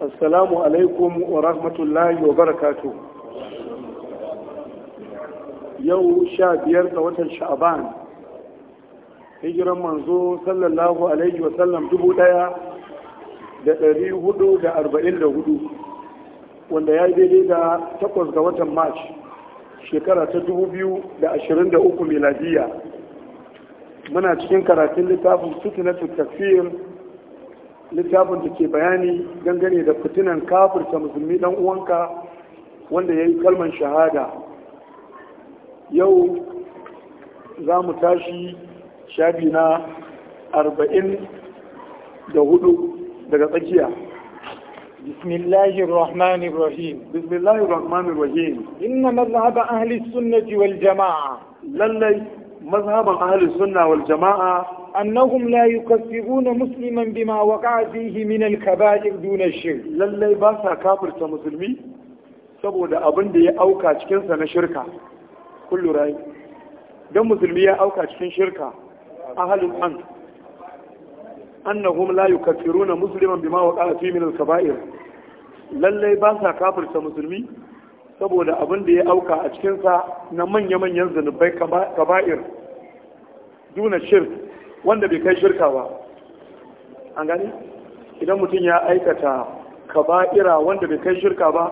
assalamu alaikum wa rahmatullahi wa barakatu yau sha biyar ga watan sha'aban hijiran manzo sallallahu alaihi wa sallam dubu daya da dari hudu da arba'in da hudu wanda ya yi daidai da takwas ga watan march shekara ta dubu biyu da ashirin da uku miladiya muna cikin karatun littafin sutunatul tafiyar littafin da ke bayani gangane da fitinan kafirta musulmi dan uwanka wanda ya yi kalman shahada yau za mu tashi shabi na arba'in da hudu daga tsakiya بسم الله الرحمن الرحيم بسم الله الرحمن الرحيم إن مذهب أهل السنة والجماعة للي mazhaban ahlus sunna wal jama'a annahum la yukaffiruna musliman bima waqa'a fihi min al kaba'ir duna shirk lallai ba sa kafirta musulmi saboda abin da ya auka cikin na shirka kullu rai dan musulmi ya auka cikin shirka ahlul an annahum la yukaffiruna musliman bima waqa'a fihi min al kaba'ir lallai ba sa kafirta musulmi saboda abin da ya auka a cikinsa na manya-manyan zunubai kaba'ir duna shirk wanda bai kai shirka ba an gani idan mutum ya aikata kaba'ira wanda bai kai shirka ba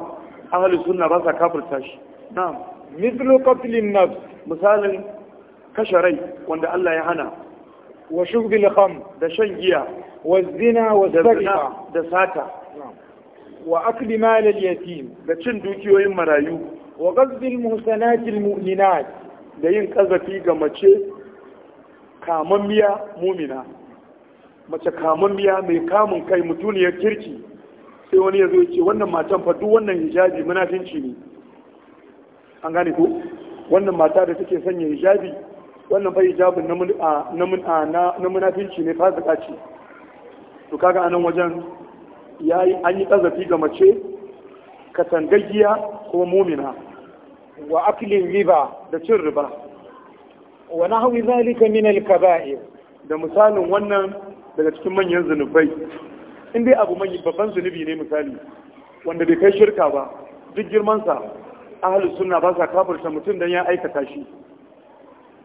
ahalin suna ba sa kafirta shi na mislokofilin na misalin kashe rai wanda Allah ya hana wa shugbil da shan giya wa zina wa da sata wa akli malal yatim da cin dukiyoyin marayu wa qazbil muhsanatil mu'minat da yin kazafi ga mace kamammiya mumina mace kamammiya mai kamun kai mutuniyar kirki sai wani ya zo ce wannan matan fa duk wannan hijabi munafinci ne an gane ko wannan mata da take sanya hijabi wannan fa hijabin na munafinci ne fasika ce to kaga anan wajen yayi an yi kazafi ga mace katangaggiya ko mumina wa aklin riba da cin riba wa nahwi zalika min al-kaba'ir da misalin wannan daga cikin manyan zunubai in abu manyan babban zunubi ne misali wanda bai kai shirka ba duk girmansa ahlus sunna ba sa kafirta mutum dan ya aikata shi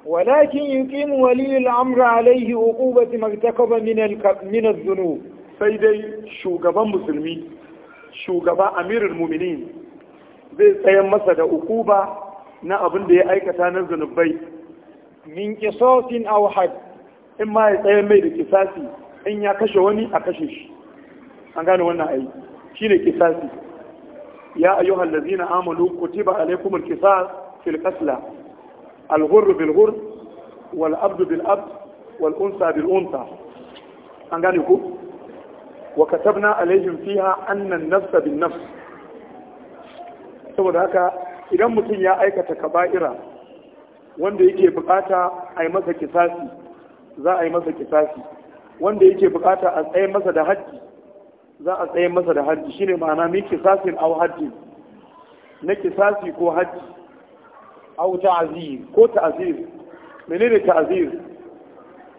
walakin yuqimu waliyul amra alayhi uqubati magtakaba min al min az-zunub sai dai shugaban musulmi shugaba amirul zai tsayan masa da ukuba na abin da ya aikata na zunubai min kisosin aw in ma ya tsayan mai da kisasi in ya kashe wani a kashe shi an gane wannan Shi shine kisasi ya amalu ku amanu kutiba alaykumul qisas fil qasla al ghurr bil wal abd bil abd wal unsa bil unsa an gane ku wa katabna alaihim fiha annan nafsa bin nafs saboda haka idan mutum ya aikata kaba'ira wanda yake bukata a yi masa kisasi za a yi masa kisasi wanda yake bukata a tsaye masa da haji za a tsaye masa da haji shine ma'ana mi kisasin au haji na kisasi ko haji au ta'azir ko ta'azir menene ta'azir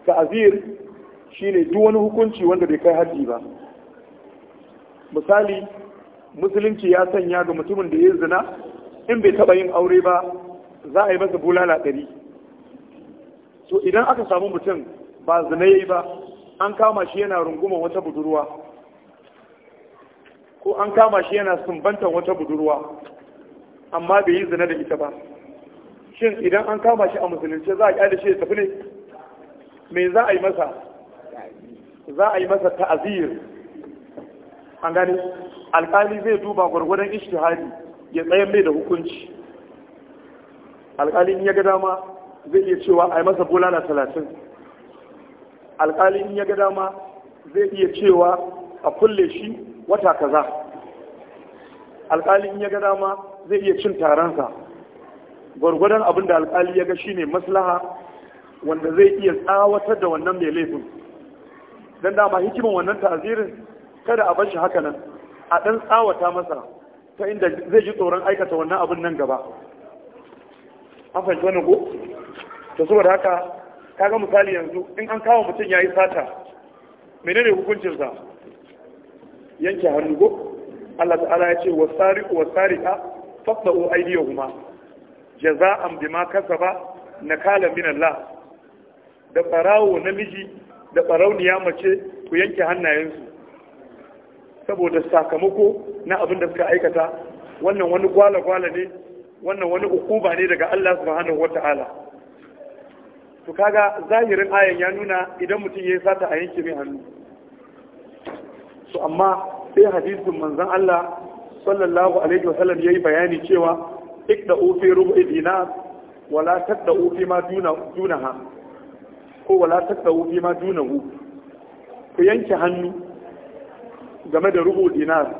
ta'azir shine duk wani hukunci wanda bai kai haji ba misali musulunci ya sanya ga mutumin da ya zina in bai taba yin aure ba za a yi masa bulala ɗari to idan aka samu mutum ba zina ya yi ba an kama shi yana runguma wata budurwa ko an kama shi yana sumbantan wata budurwa amma bai yi zina da ita ba shin idan an kama shi a musulunci za a kyale shi ya tafi ne me za a yi masa za a yi masa ta'azir an gane alkali zai duba gwargwadon ishtihadi ya tsayan mai da hukunci alkali ya ga dama zai iya cewa a yi masa bulala talatin alkali ya ga dama zai iya cewa a kulle shi wata kaza alkali ya ga dama zai iya cin taronsa gwargwadon abin da alkali ya ga shine maslaha wanda zai iya tsawatar da wannan mai laifin don dama hikimin wannan tazirin kada a bar shi haka nan a ɗan tsawata masa ta inda zai ji tsoron aikata wannan abin nan gaba an fahimta wannan ko to saboda haka kaga misali yanzu in an kawo mutum ya yi sata menene hukuncinsa yanke hannu ko Allah ta'ala ya ce wasariqu wasariqa faqdu aydiyahuma jaza'an bima kasaba nakala min Allah da ɓarawo namiji da ɓarauniya mace ku yanke hannayensu saboda sakamako na abin da suka aikata wannan wani gwala-gwala ne wannan wani ukuba ne daga Allah subhanahu wata'ala to kaga zahirin ayan ya nuna idan mutum ya sata a yanke mai hannu to amma sai hadisin manzan Allah sallallahu alaihi wasallam yi bayani cewa ikda'u fi rubu idina, wala da fi ma duna dunaha ko wala da fi ma dunahu ku yanke hannu game da rubu dinar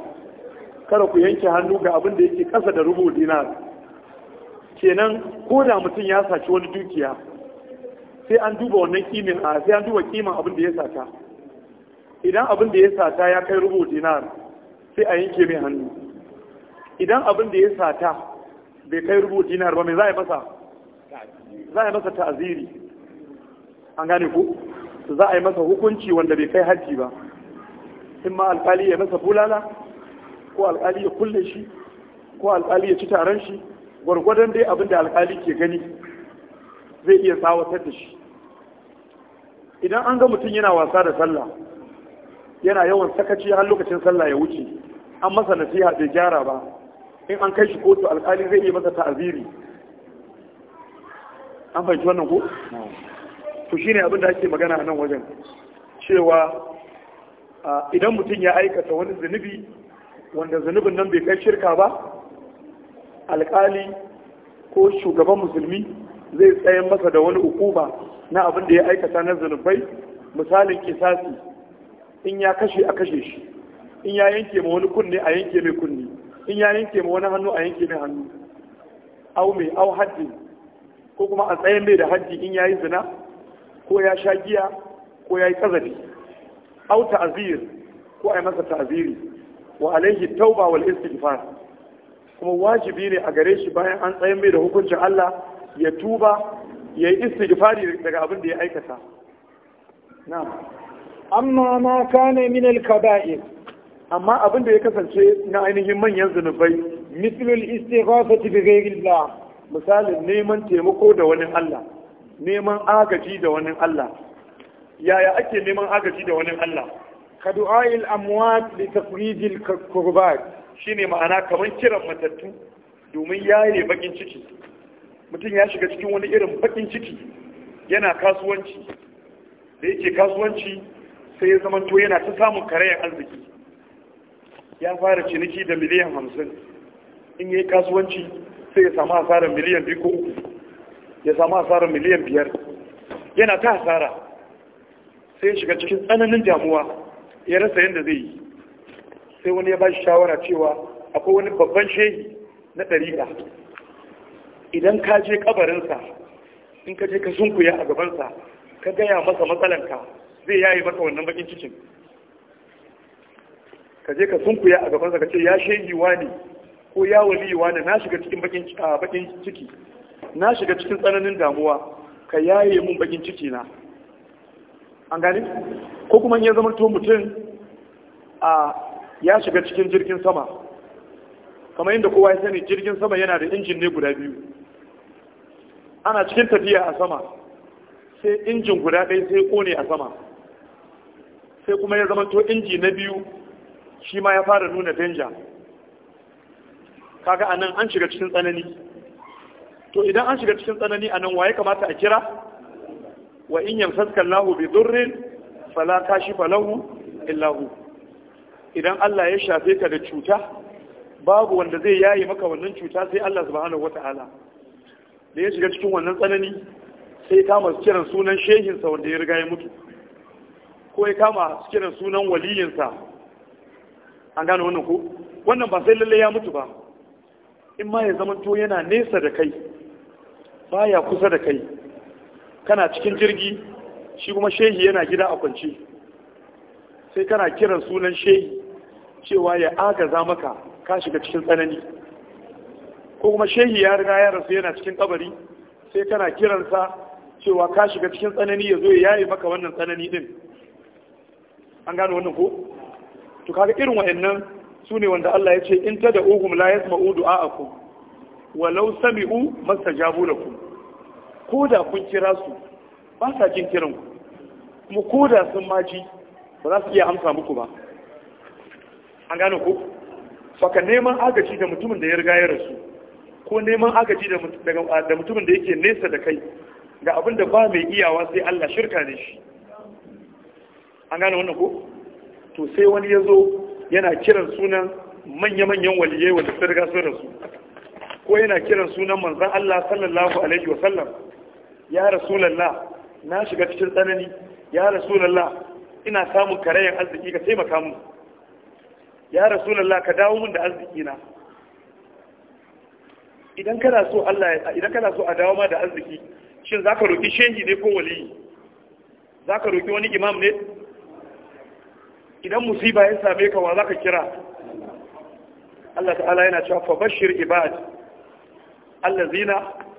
kada ku yanke hannu ga abin da yake kasa da rubu dinar kenan ko da mutum ya saci wani dukiya sai an duba wannan kimin a sai an duba kimin abin da ya sata idan abin da ya sata ya kai rubu dinar sai a yanke mai hannu idan abin da ya sata bai kai rubu dinar ba mai za a masa za a masa ta'aziri an gane ku za a yi masa hukunci wanda bai kai hajji ba in ma alƙali ya masa bulala ko alƙali ya kulle shi ko alƙali ya ci taron shi gwargwadon dai abin da alƙali ke gani zai iya tsawatar da shi idan an ga mutum yana wasa da sallah yana yawan sakaci har lokacin sallah ya wuce an masa nasiha bai gyara ba in an kai shi kotu alƙali zai iya masa ta'aziri an fahimci wannan ko to shine abin da ake magana a nan wajen cewa idan mutum ya aikata wani zunubi wanda zunubin nan bai kai shirka ba alkali ko shugaban musulmi zai tsayan masa da wani hukuma na abin da ya aikata na zunubai misalin kisasi in ya kashe a kashe shi in ya yanke ma wani kunne a yanke mai kunne in ya yanke ma wani hannu a yanke mai hannu au mai au haddi ko kuma a tsayan mai da haddi in ya yi zina ko ya sha giya ko ya yi kazafi au ta'zir ko ai masa ta'ziri wa alaihi tauba wal istighfar kuma wajibi ne a gare shi bayan an tsayin mai da hukuncin Allah ya tuba ya yi istighfari daga abin da ya aikata na'am amma ma kana min al-kaba'ir amma abin da ya kasance na ainihin manyan zunubai mislul istighafati bi ghayrillah misalin neman taimako da wani Allah neman agaji da wani Allah yaya ake neman agaji da wani Allah ka du'a'il amwat li tafrijil kurbat shine ma'ana kaman kiran matattu domin yaye bakin ciki mutum ya shiga cikin wani irin bakin ciki yana kasuwanci da yake kasuwanci sai ya zama to yana ta samun karayan arziki ya fara ciniki da miliyan hamsin in yayi kasuwanci sai ya samu asarar miliyan biyu ko ya samu asarar miliyan biyar yana ta hasara sai ya shiga cikin tsananin damuwa ya rasa yadda zai yi sai wani ya ba shi shawara cewa akwai wani babban shehi na ɗariƙa idan ka je ƙabarinsa, in ka je ka sunkuya a gabansa ka gaya masa matsalanka zai yayi maka wannan bakin cikin ka je ka sunkuya a gabansa ka ce ya shehi wani ko ya wali wani na shiga cikin bakin ciki na shiga cikin tsananin damuwa ka yaye mun bakin ciki na an gane ko kuma ya zama to mutum a ya shiga cikin jirgin sama kamar yadda kowa ya sani jirgin sama yana da injin ne guda biyu ana cikin tafiya a sama sai injin guda ɗaya sai kone a sama sai kuma ya zama to inji na biyu shi ma ya fara nuna danja kaga anan an shiga cikin tsanani to idan an shiga cikin tsanani anan waye kamata a kira wa in yamsaka Allahu bi durrin fala kashifa lahu illa hu idan Allah ya shafe ka da cuta babu wanda zai yayi maka wannan cuta sai Allah subhanahu wataala da ya shiga cikin wannan tsanani sai kama kiran sunan shehinsa wanda ya riga ya mutu ko ya kama kiran sunan waliyinsa an gane wannan ko wannan ba sai lalle ya mutu ba in ma ya zama to yana nesa da kai baya kusa da kai kana cikin jirgi shi kuma shehi yana gida a kwance sai kana kiran sunan shehi cewa ya agaza maka ka shiga cikin tsanani ko kuma shehi ya riga ya rasu yana cikin kabari sai kana kiransa cewa ka shiga cikin tsanani ya zo ya yaye maka wannan tsanani din an gano wannan ko to kaga irin wa'annan su ne wanda Allah ya ce in ta da uhum la yasma'u du'a'akum walau sami'u mastajabu lakum Koda kun kira su ba sa jin kiran ku kuma koda sun maji ba za su iya amsa muku ba an gane ku faka neman agaji da mutumin da ya riga ya rasu ko neman agaji da mutumin da yake nesa da kai ga abin da ba mai iyawa sai Allah shirka ne shi an gane wannan ko to sai wani ya zo yana kiran sunan manya-manyan waliyai wanda sun riga sun rasu ko yana kiran sunan manzan Allah sallallahu alaihi wasallam ya rasulallah na shiga cikin tsanani ya rasulallah ina samun karayen arziki ka taimaka mu ya rasulallah ka dawo mun da arziki na idan kana so Allah ya idan kana so a dawo ma da arziki shin zaka roki shehi ne ko wali zaka roki wani imam ne idan musiba ya same ka wa zaka kira Allah ta'ala yana cewa fa bashir ibad allazina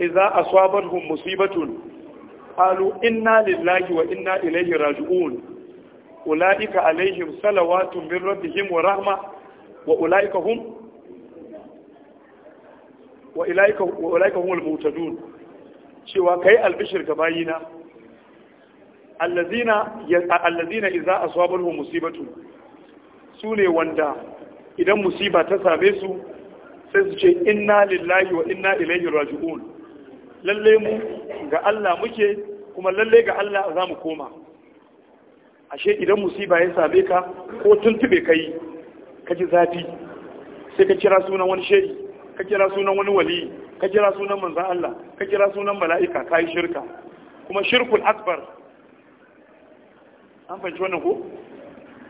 idza asabatuhum musibatun qalu inna lillahi wa inna ilaihi raji'un ulaika alaihim salawatun min rabbihim wa rahma wa ulaika hum wa ilaika wa ulaika humul muhtadun cewa kai albishir ga bayina allazina allazina idza asabatuhum musibatu sune wanda idan musiba ta same su sai su ce inna lillahi wa inna ilaihi raji'un lalle mu ga Allah muke kuma lalle ga Allah za mu koma ashe idan musiba ya same ka ko tuntube ka yi ka ji zafi sai ka kira sunan wani shehi ka kira sunan wani wali ka kira sunan manzon Allah ka kira sunan mala'ika ka yi shirka kuma shirkul akbar an fahimci wannan ko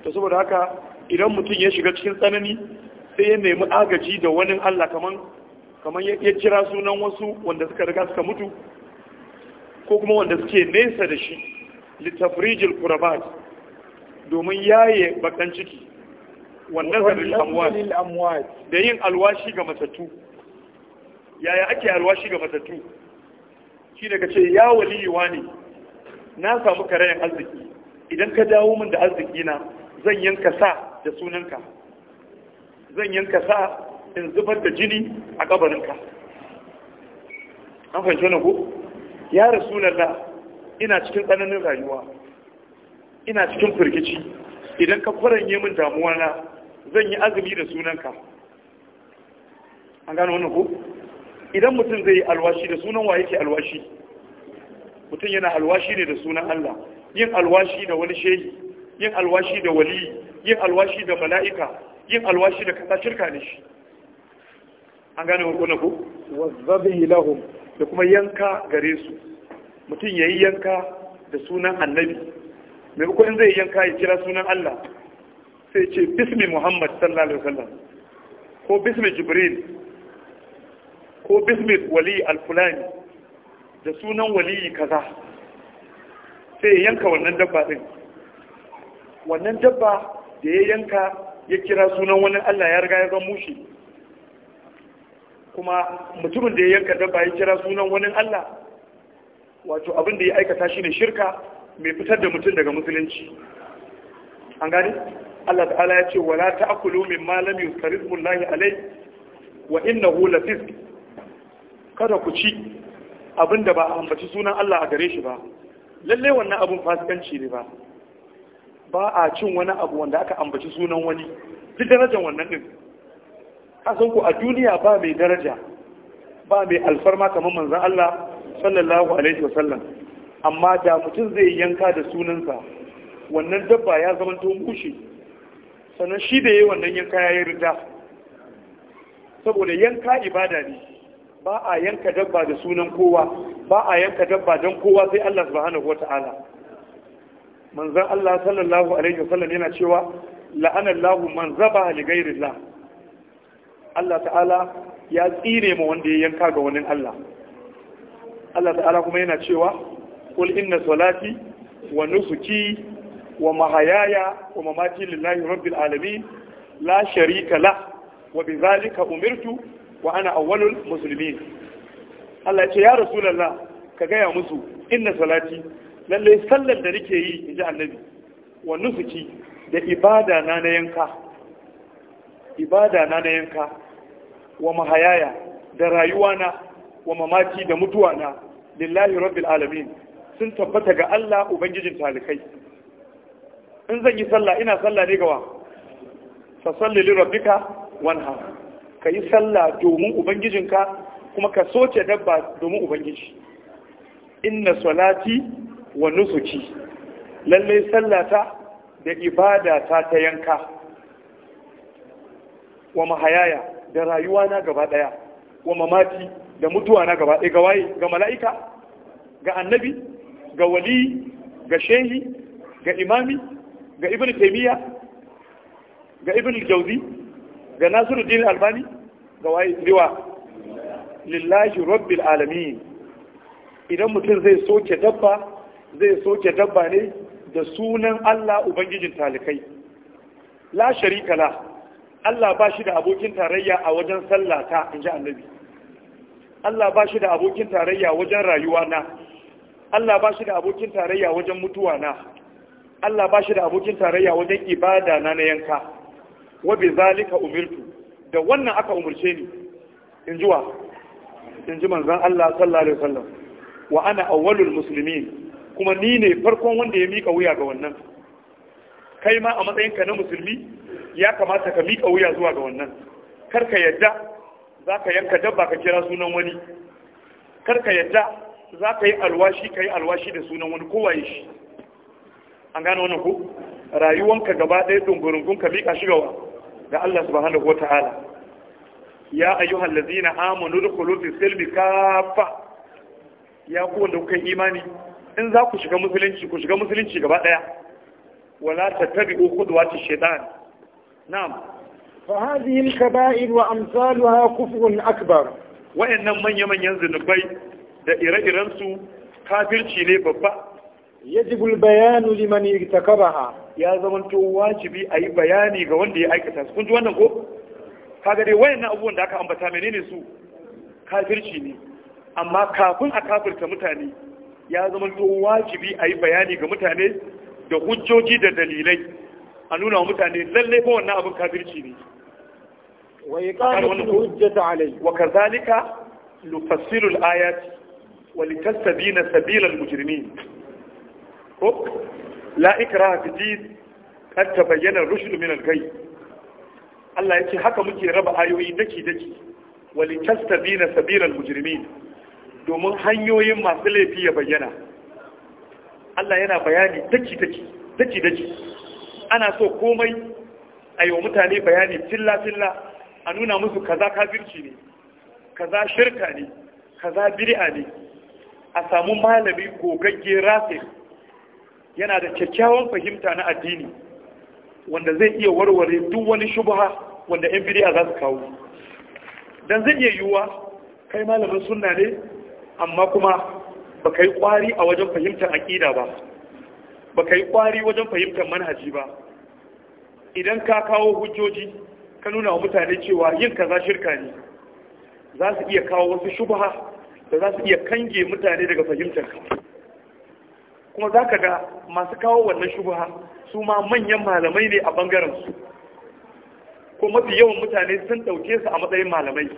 to saboda haka idan mutum ya shiga cikin tsanani sai ya nemi agaji da wani Allah kaman kamar ya kira sunan wasu wanda suka riga suka mutu ko kuma wanda suke nesa da shi litafrijil kurabat domin yaye bakan ciki wannan zarin amwat da yin alwashi ga matattu yaya ake alwashi ga matattu shi daga ce ya waliyuwa ne na samu karayen arziki idan ka dawo min da arziki na zan yanka sa da sunanka zan yanka sa in zubar da jini a kabarinka an fahimci wani ku ya rasulallah ina cikin tsananin rayuwa ina cikin firgici idan ka yi min damuwa na zan yi azumi da sunanka an gano wani ku idan mutum zai yi alwashi da sunan wa yake alwashi mutum yana alwashi ne da sunan Allah yin alwashi da wani shehi yin alwashi da wali yin alwashi da mala'ika yin alwashi da kasa shirka ne shi an gane kuna ku bihi lahum da kuma yanka gare su mutum yayi yanka da sunan annabi Me uku in zai yanka ya kira sunan Allah sai ce bismi Muhammad sallallahu alaihi wasallam ko bismi Jibril ko bismi wali al-fulani da sunan wali kaza sai yanka wannan dabba din wannan dabba da ya yanka ya kira sunan wani Allah ya riga ya zama mushi kuma mutumin da ya yanka dabba ya kira sunan wani Allah wato abin da ya aikata shi ne shirka mai fitar da mutum daga musulunci an gani Allah ta'ala ya ce wala ta'kulu mimma lam yuzkarismullahi alai wa innahu lafisq kada ku ci abin da ba a ambaci sunan Allah a gare shi ba lalle wannan abin fasikanci ne ba ba a cin wani abu wanda aka ambaci sunan wani duk darajar wannan din kasan ku a duniya ba mai daraja ba mai alfarma kamar manzan Allah sallallahu alaihi wasallam amma da mutum zai yi yanka da sunansa wannan dabba ya zama to kushi, sannan shi da yi wannan yanka ya yi rida saboda yanka ibada ne ba a yanka dabba da sunan kowa ba a yanka dabba don kowa sai Allah subhanahu wataala manzan Allah sallallahu alaihi wasallam yana cewa la'anallahu man zabaha li ghairillah Allah ta'ala ya tsire ma wanda ya yanka ga wani Allah Allah ta'ala kuma yana cewa kul inna salati wa nusuki wa mahayaya wa mamati lillahi rabbil alamin la sharika la wa bidhalika umirtu wa ana awwalul muslimin Allah ya ce ya rasulullah ka gaya musu inna salati lalle sallar da nake yi inji annabi wa nusuki da ibada na na yanka ibada na na yanka wa mahayaya da rayuwa na wa mamaki da mutuwa na lillahi rabbil alamin sun tabbata ga Allah ubangijin talikai in zan yi sallah ina sallah ne gawa fa salli li rabbika wanha kayi sallah domin ubangijinka kuma ka soce dabba domin ubangiji inna salati wa nusuki lalle sallata da ibada ta ta yanka wa mahayaya da rayuwa na gaba daya wa mamati da mutuwa na gaba daya ga waye ga mala'ika ga annabi ga wali ga shehi ga imami ga ibn taymiya ga ibn jawzi ga nasiruddin albani ga waye liwa lillahi rabbil alamin idan mutum zai soke dabba zai soke dabba ne da sunan Allah ubangijin talikai la sharika la Allah ba shi da abokin tarayya a wajen sallata in ji annabi Allah ba shi da abokin tarayya wajen rayuwa na Allah ba shi da abokin tarayya wajen mutuwa na Allah ba shi da abokin tarayya wajen ibada na na yanka wa bi zalika umirtu da wannan aka umurce ni in ji wa in ji manzon Allah sallallahu alaihi wasallam wa ana awwalul muslimin kuma ni ne farkon wanda ya mika wuya ga wannan kai ma a matsayinka na musulmi ya kamata ka miƙa wuya zuwa ga wannan kar ka yadda za ka yanka dabba ka kira sunan wani kar ka yadda za ka yi alwashi ka yi alwashi da sunan wani kowaye shi an gano wannan ku rayuwanka gaba ɗaya dungurungun ka miƙa shi gawa ga Allah subhanahu wa ta'ala ya ayyuhal ladzina amanu dkhulu fi silmi kafa ya ku wanda kuka imani in za ku shiga musulunci ku shiga musulunci gaba ɗaya wala tattabi'u khudwati shaytan نعم فهذه الكبائر وامثالها كفر wa وان من يمن wayannan manya manyan zunubai da ire-iren su البيان ne babba يا زمن تو liman اي ya wajibi bayani ga wanda ya aikata su kun ji wannan ko kaga dai wayannan abubuwan da aka ambata menene su kafirci ne amma kafin a kafirta mutane ya zama wajibi a yi bayani ga mutane da hujjoji da dalilai a nuna wa mutane lalle ko wannan abin kafirci ne wa iqamatul hujjati alayhi wa kadhalika nufassilu al-ayati wa litastabina sabila al-mujrimin ko la ikraha fi din kad tabayyana rushd min al Allah yake haka muke raba ayoyi daki daki wa litastabina sabila al domin hanyoyin masu laifi ya bayyana Allah yana bayani daki daki daki daki ana so komai a yi wa mutane bayani filla-filla a nuna musu kaza kafirci ne kaza shirka ne kaza biri'a ne a samu malami gogagge rafi yana da kyakkyawan fahimta na addini wanda zai iya warware duk wani shubha wanda yan biri'a za su kawo don zai iya yiwuwa kai malamin sunna ne amma kuma baka yi kwari a wajen fahimtar aƙida ba Ba ka yi kwari wajen fahimtar manhaji ba idan ka kawo hujjoji ka nuna wa mutane cewa yin kaza shirka ne za su iya kawo wasu shubha da za su iya kange mutane daga fahimtar ka. kuma za ka ga masu kawo wannan shubha su ma manyan malamai ne a bangaren ko mafi yawan mutane sun ɗauke su a matsayin malamai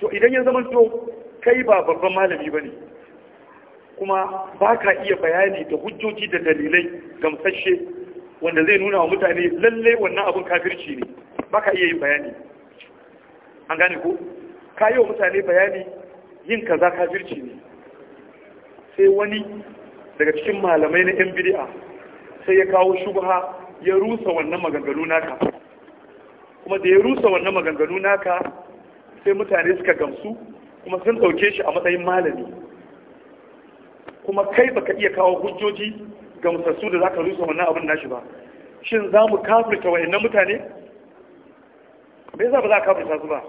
to idan ya zama to kai ba babban malami ba ne kuma ba ka iya bayani da hujjoji da dalilai gamsashe wanda zai nuna wa mutane lalle wannan abin kafirci ne ba ka iya yin bayani an gane ko ka yi wa mutane bayani yin kaza kafirci ne sai wani daga cikin malamai na yan bid'a sai ya kawo shubha ya rusa wannan maganganu naka kuma da ya rusa wannan maganganu naka sai mutane suka gamsu kuma sun ɗauke shi a matsayin malami kuma kai baka iya kawo hujjoji ga musassu da zaka rusa wannan abin nashi ba shin za mu kafirta wayannan mutane me yasa ba za ka kafirta su ba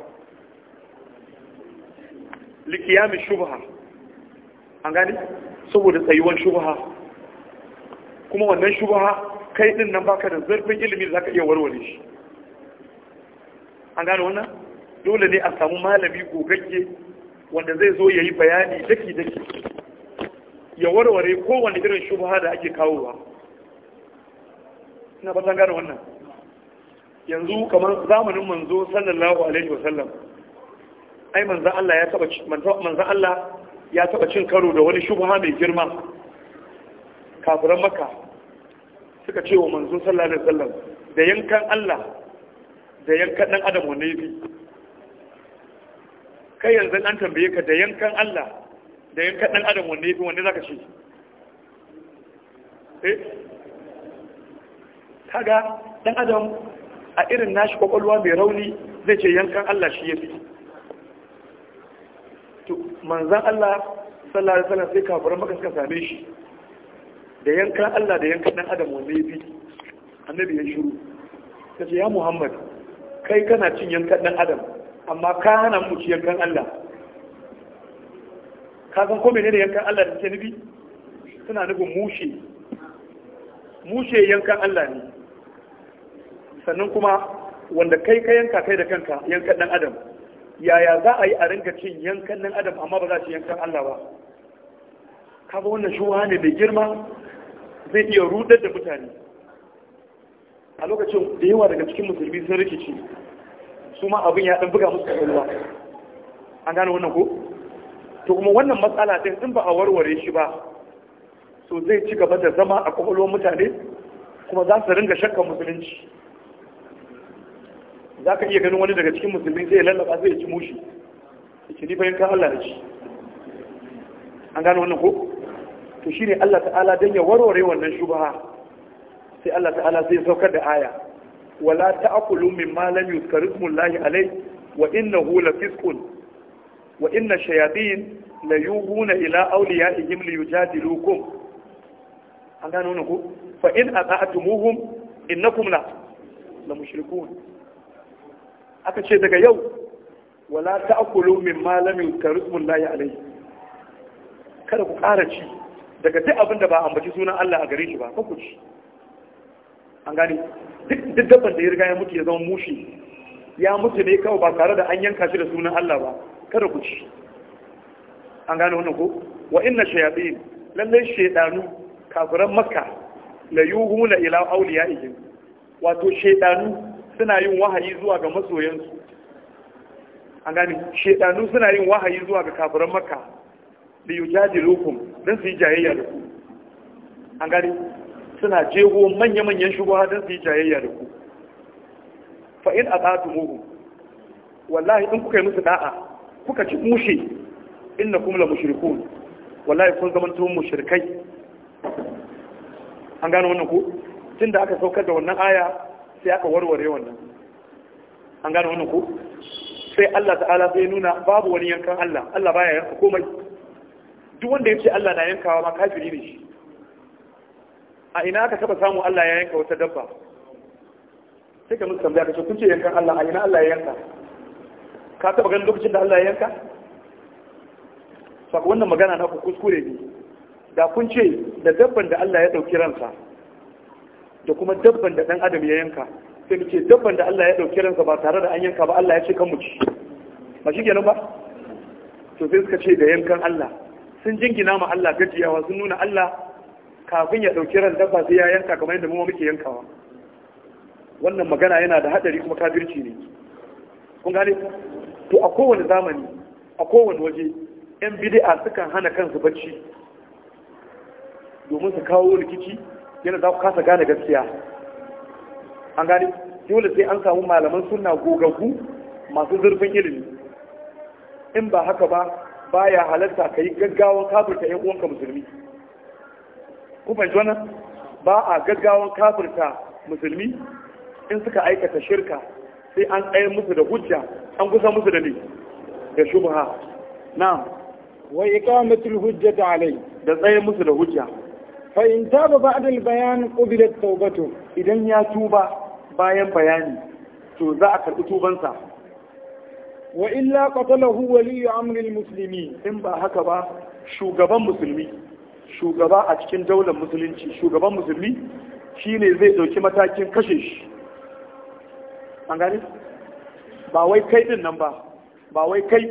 likiyami shubha an gani saboda tsayuwan shubha kuma wannan shubha kai din nan baka da zurfin ilimi da zaka iya warware shi an gane wannan dole ne a samu malami gogagge wanda zai zo yayi bayani daki daki ya warware kowane irin shubha da ake ba. ina ba gane wannan yanzu kamar zamanin manzo sallallahu alaihi wasallam ai manzo Allah ya taba manzo Allah ya taba cin karo da wani shubha mai girma kafiran makka suka ce wa manzo sallallahu alaihi wasallam da yankan Allah da yankan dan adam wanne yafi kai yanzu an tambaye ka da yankan Allah da yanka ɗan adam wanne wanda wanne ka ce eh kaga ɗan adam a irin nashi kwakwalwa mai rauni zai ce yankan Allah shi fi? to manzan Allah sallallahu alaihi sai kafiran maka suka same shi da yankan Allah da yankan ɗan adam wanne fi? annabi ya shiru ce ya Muhammad kai kana cin yankan ɗan adam amma ka hana mu ci yankan Allah ka kome ne da yankan Allah da ke nufi suna nufin mushe mushe yankan Allah ne sannan kuma wanda kai ka yanka kai da kanka yankan dan adam yaya za a yi a ringa cin yankan dan adam amma ba za su yankan Allah ba kaga wannan shuwa ne mai girma zai iya rudar da mutane a lokacin da yawa daga cikin musulmi sun rikici su ma abin ya ɗan buga musu kwakwalwa an gane wannan ko to kuma wannan matsala ɗin in ba a warware shi ba so zai ci gaba da zama a kwakwalwar mutane kuma za su ringa shakkan musulunci za ka iya ganin wani daga cikin musulmi zai lallaba zai ci mushi yake ni bayan kan Allah da shi an gano wannan ko to shine Allah ta'ala dan ya warware wannan shubha sai Allah ta'ala zai saukar da aya wala ta'kulu mimma lam yuzkarismullahi alai wa innahu lafisqun wa inna shayatin la yuhuna ila awliyaihim li yujadilukum an gano ne ko fa in ata'tumuhum innakum la la mushrikun aka ce daga yau wala ta'kulu mimma lam yukarimu ismullahi alayhi kada ku ƙara ci daga duk abin da ba ambaci sunan Allah a gare shi ba ku ci an gane duk dabban da ya riga ya mutu ya zama mushi ya mutu ne kawai ba tare da an yanka shi da sunan Allah ba kada ku ci an gano wannan ko wa inna shayabin lallai shaydanu kafiran makka la yuhuna ila awliyaihim wato shaydanu suna yin wahayi zuwa ga masoyansu an gane shaydanu suna yin wahayi zuwa ga kafiran makka li yujadilukum dan su yi jayayya da ku an gane suna jego manya-manyan shugaba dan su yi jayayya da ku fa in ata'tumuhu wallahi in kuka yi musu da'a kuka ci mushe innakum la mushrikun wallahi kun zaman to mushrikai an gano wannan ko tunda aka saukar da wannan aya sai aka warware wannan an gano wannan ko sai Allah ta'ala sai nuna babu wani yankan Allah Allah baya yanka komai duk wanda yace Allah na yankawa ma kafiri ne shi a ina aka taba samu Allah ya yanka wata dabba sai ka musu tambaya ka ce kun ce yankan Allah a ina Allah ya yanka ka taba ganin lokacin da Allah ya yanka saka wannan magana na ku kuskure ne da kun ce da dabban da Allah ya dauki ransa da kuma dabban da dan adam ya yanka sai mu ce dabban da Allah ya dauki ransa ba tare da an yanka ba Allah ya ce kan mu ci ba shi kenan ba to sai suka ce da yankan Allah sun jingina ma Allah gajiyawa sun nuna Allah kafin ya dauki ran dabba sai ya yanka kamar yadda mu muke yankawa wannan magana yana da hadari kuma kafirci ne kun gane to a kowane zamani a kowane waje yan bid'a sukan hana kansu bacci domin su kawo rikici yana za ku kasa gane gaskiya an gane dole sai an samu malaman sunna gogaggu masu zurfin ilimi in ba haka ba baya halarta ka yi gaggawan kafirta yan uwanka musulmi ku fahimci wannan ba a gaggawan kafirta musulmi in suka aikata shirka sai an tsaye musu da hujja an kusa musu da ne da shubha Na. wa iqamatul hujja alai da tsaye musu da hujja fa in taba ba'da al-bayan qubilat tawbatu idan ya tuba bayan bayani to za a karbi tubansa wa illa qatalahu wali amri muslimi in ba haka ba shugaban musulmi shugaba a cikin daular musulunci shugaban musulmi shine zai dauki matakin kashe shi an gane ba wai kai din nan ba ba wai kai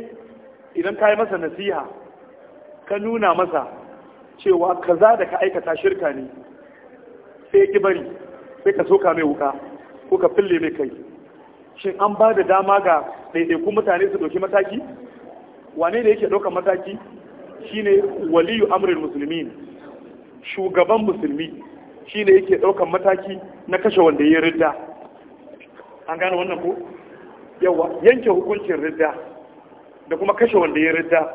idan ka yi masa nasiha ka nuna masa cewa kaza da ka aikata shirka ne sai ki bari sai ka soka mai wuka ko ka fille mai kai shin an ba da dama ga ɗaiɗaikun mutane su ɗauki mataki wane da yake ɗaukar mataki shine waliyu amrin musulmi shugaban musulmi shine yake ɗaukar mataki na kashe wanda ya ridda an gane wannan ko yawa yanke hukuncin ridda da kuma kashe wanda ya ridda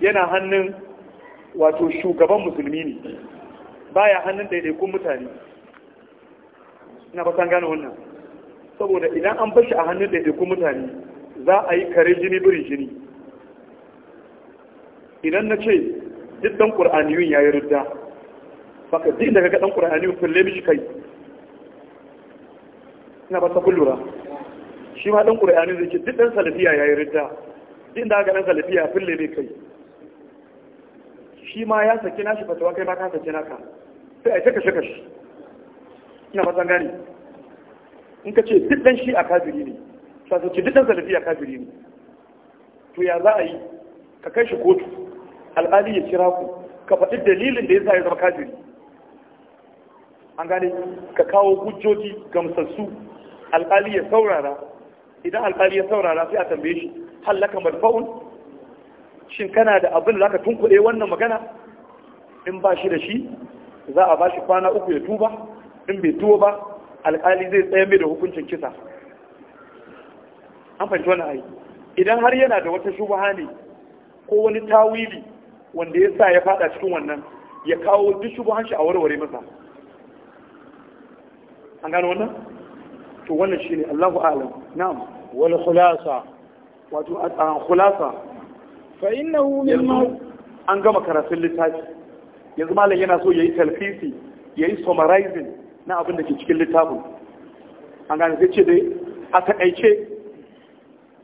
yana hannun wato shugaban musulmi ne baya hannun daidaikun mutane ina ba san gane wannan saboda idan an bashi a hannun daidaikun mutane za a yi kare jini biri jini idan na ce duk dan ya yi ridda baka duk daga ga dan qur'aniyun fulle mishi kai na ba ta kullura shi ma dan qur'ani zai ce duk dan salafiya ya yi ridda duk da ga dan salafiya fille ne kai shi ma ya saki nashi fatawa kai ba ka saki naka sai a ta kashe kashe ina ba gani in ka ce duk dan a kafiri ne sai ce duk dan salafiya kafiri ne to ya za a yi ka kai shi kotu al'ali ya kira ku ka faɗi dalilin da ya sa ya zama kafiri an gane ka kawo hujjoji gamsassu alƙali ya saurara idan alƙali ya saurara sai a tambaye shi hallaka marfa'un shin kana da abin da zaka tunkuɗe wannan magana in ba shi da shi za a ba shi kwana uku ya tuba in bai tuba ba alƙali zai tsaye mai da hukuncin kisa an fahimci wannan ai idan har yana da wata shubaha ne ko wani tawili wanda ya sa ya fada cikin wannan ya kawo duk shubahan shi a warware masa an gano wannan to wannan ne Allahu a'lam na'am wal khulasa wato a khulasa fa innahu mimma an gama karatun littafi yanzu malam yana so yayi talfisi yayi summarizing na abin da ke cikin littafin an gane sai ce dai a takaice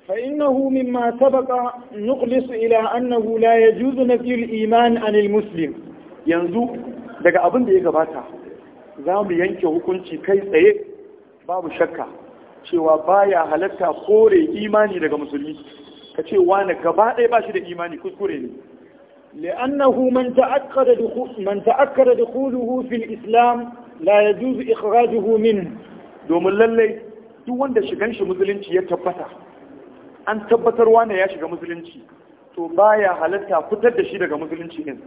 فإنه مما سبق نخلص إلى أنه لا يجوز نفي الإيمان عن muslim Yanzu, daga abin da ya gabata za mu yanke hukunci kai tsaye babu shakka cewa baya halatta kore imani daga musulmi ka ce wani gaba ɗaya ba shi da imani kuskure ne لأنه من تأكد دخول من تأكد دخوله في الإسلام لا يجوز إخراجه duk wanda shigan shi musulunci ya tabbata an tabbatar wani ya shiga musulunci to baya halatta fitar da shi daga musulunci din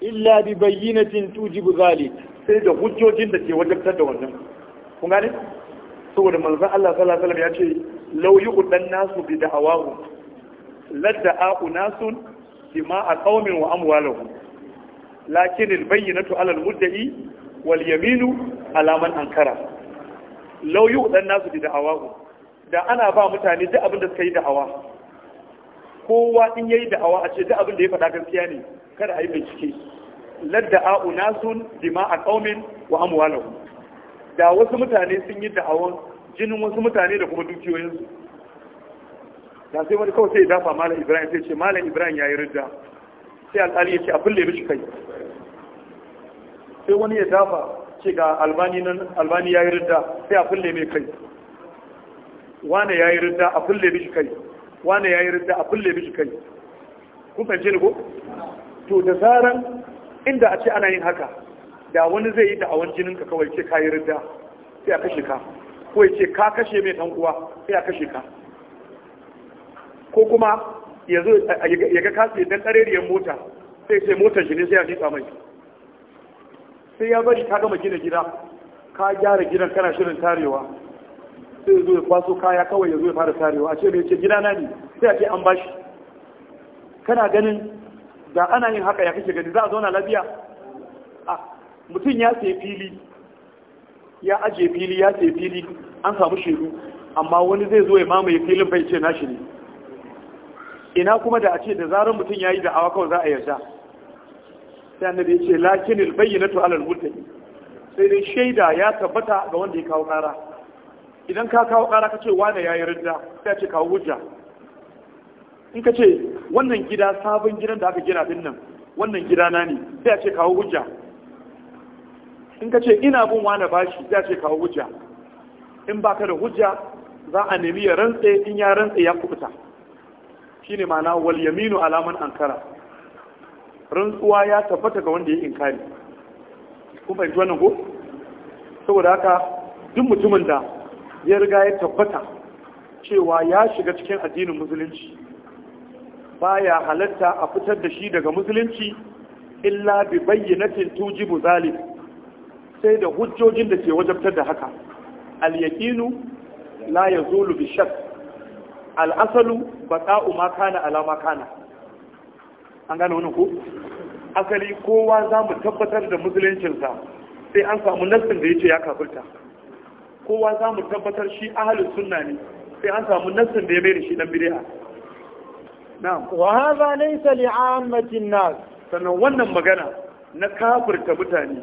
illa bi bayyinatin tujibu zalik sai da hujjojin da ke wajabtar da wannan kun gane saboda manzan Allah salasalam ya ce law ɗan nasu bi da'awahum ladda'u nasun a qaumin wa amuwalahu lakin albayyinatu 'ala tu'alar muddai wal yaminu alaman ankara law ɗan nasu bi da'awahum da ana ba mutane duk abin da suka yi da'awa kowa in ya da da'awa a ce duk abin da ya faɗa gaskiya ne kada a yi bincike ladda'u nasun a qaumin wa amuwalahu da wasu mutane sun yi da'awon jinin wasu mutane da kuma dukiyoyinsu da sai wani kawai sai ya dafa malam ibrahim sai ce malam ibrahim ya yi ridda sai alƙali ya ce a fulle mishi kai sai wani ya dafa ce ga albani nan albani ya yi ridda sai a fulle mai kai wane ya yi ridda a fulle mishi kai wane ya yi ridda a fulle mishi kai kun fahimce ni ko to da zaran inda a ce ana yin haka da wani zai yi da'awan jinin ka kawai ce ka yi ridda sai a kashe ka ko ya ce ka kashe mai dan uwa sai a kashe ka ko kuma ya zo ya ga kasi dan tsareriyar mota sai sai motar shi ne sai a ji mai sai ya bari ka gama gina gida ka gyara gidan kana shirin tarewa sai zo ya kwaso kaya kawai ya zo ya fara tarewa a ce mai ce gidana ne sai a ce an bashi kana ganin da ana yin haka ya kashe gani za a zauna lafiya mutum ya ce fili ya aje fili ya ce fili an samu shaidu amma wani zai zo ya mamaye filin bai ce nashi ne ina kuma da a ce da zarar mutum ya yi da awa kawai za a yarda sai annabi ya ce lakinil na alal multaqi sai dai shaida ya tabbata ga wanda ya kawo ƙara idan ka kawo ƙara ka ce wane ya yi rinda sai ce kawo hujja in ka ce wannan gida sabon gidan da aka gina din nan wannan gida na ne sai ce kawo hujja in ka ce ina bin na bashi za ce kawo hujja in ba ka da hujja za a nemi ya rantse in ya rantse ya kubuta shine ma'ana wal yaminu alaman ankara rantsuwa ya tabbata ga wanda ya inkari kuma fahimci wannan ko saboda haka duk mutumin da ya riga ya tabbata cewa ya shiga cikin addinin musulunci baya halatta a fitar da shi daga musulunci illa bi bayyanatin tujibu zalim sai da hujjojin da ke wajabtar da haka al-yaqinu la yazulu bi shakk al-asalu baqa'u ma kana ala ma kana an gane wannan ko asali kowa za mu tabbatar da sa sai an samu nassin da yace ya kafirta kowa za mu tabbatar shi ahalin sunna ne sai an samu nassin da ya bai da shi dan bid'a na'am wa hadha laysa li'ammatin nas sannan wannan magana na kafirta mutane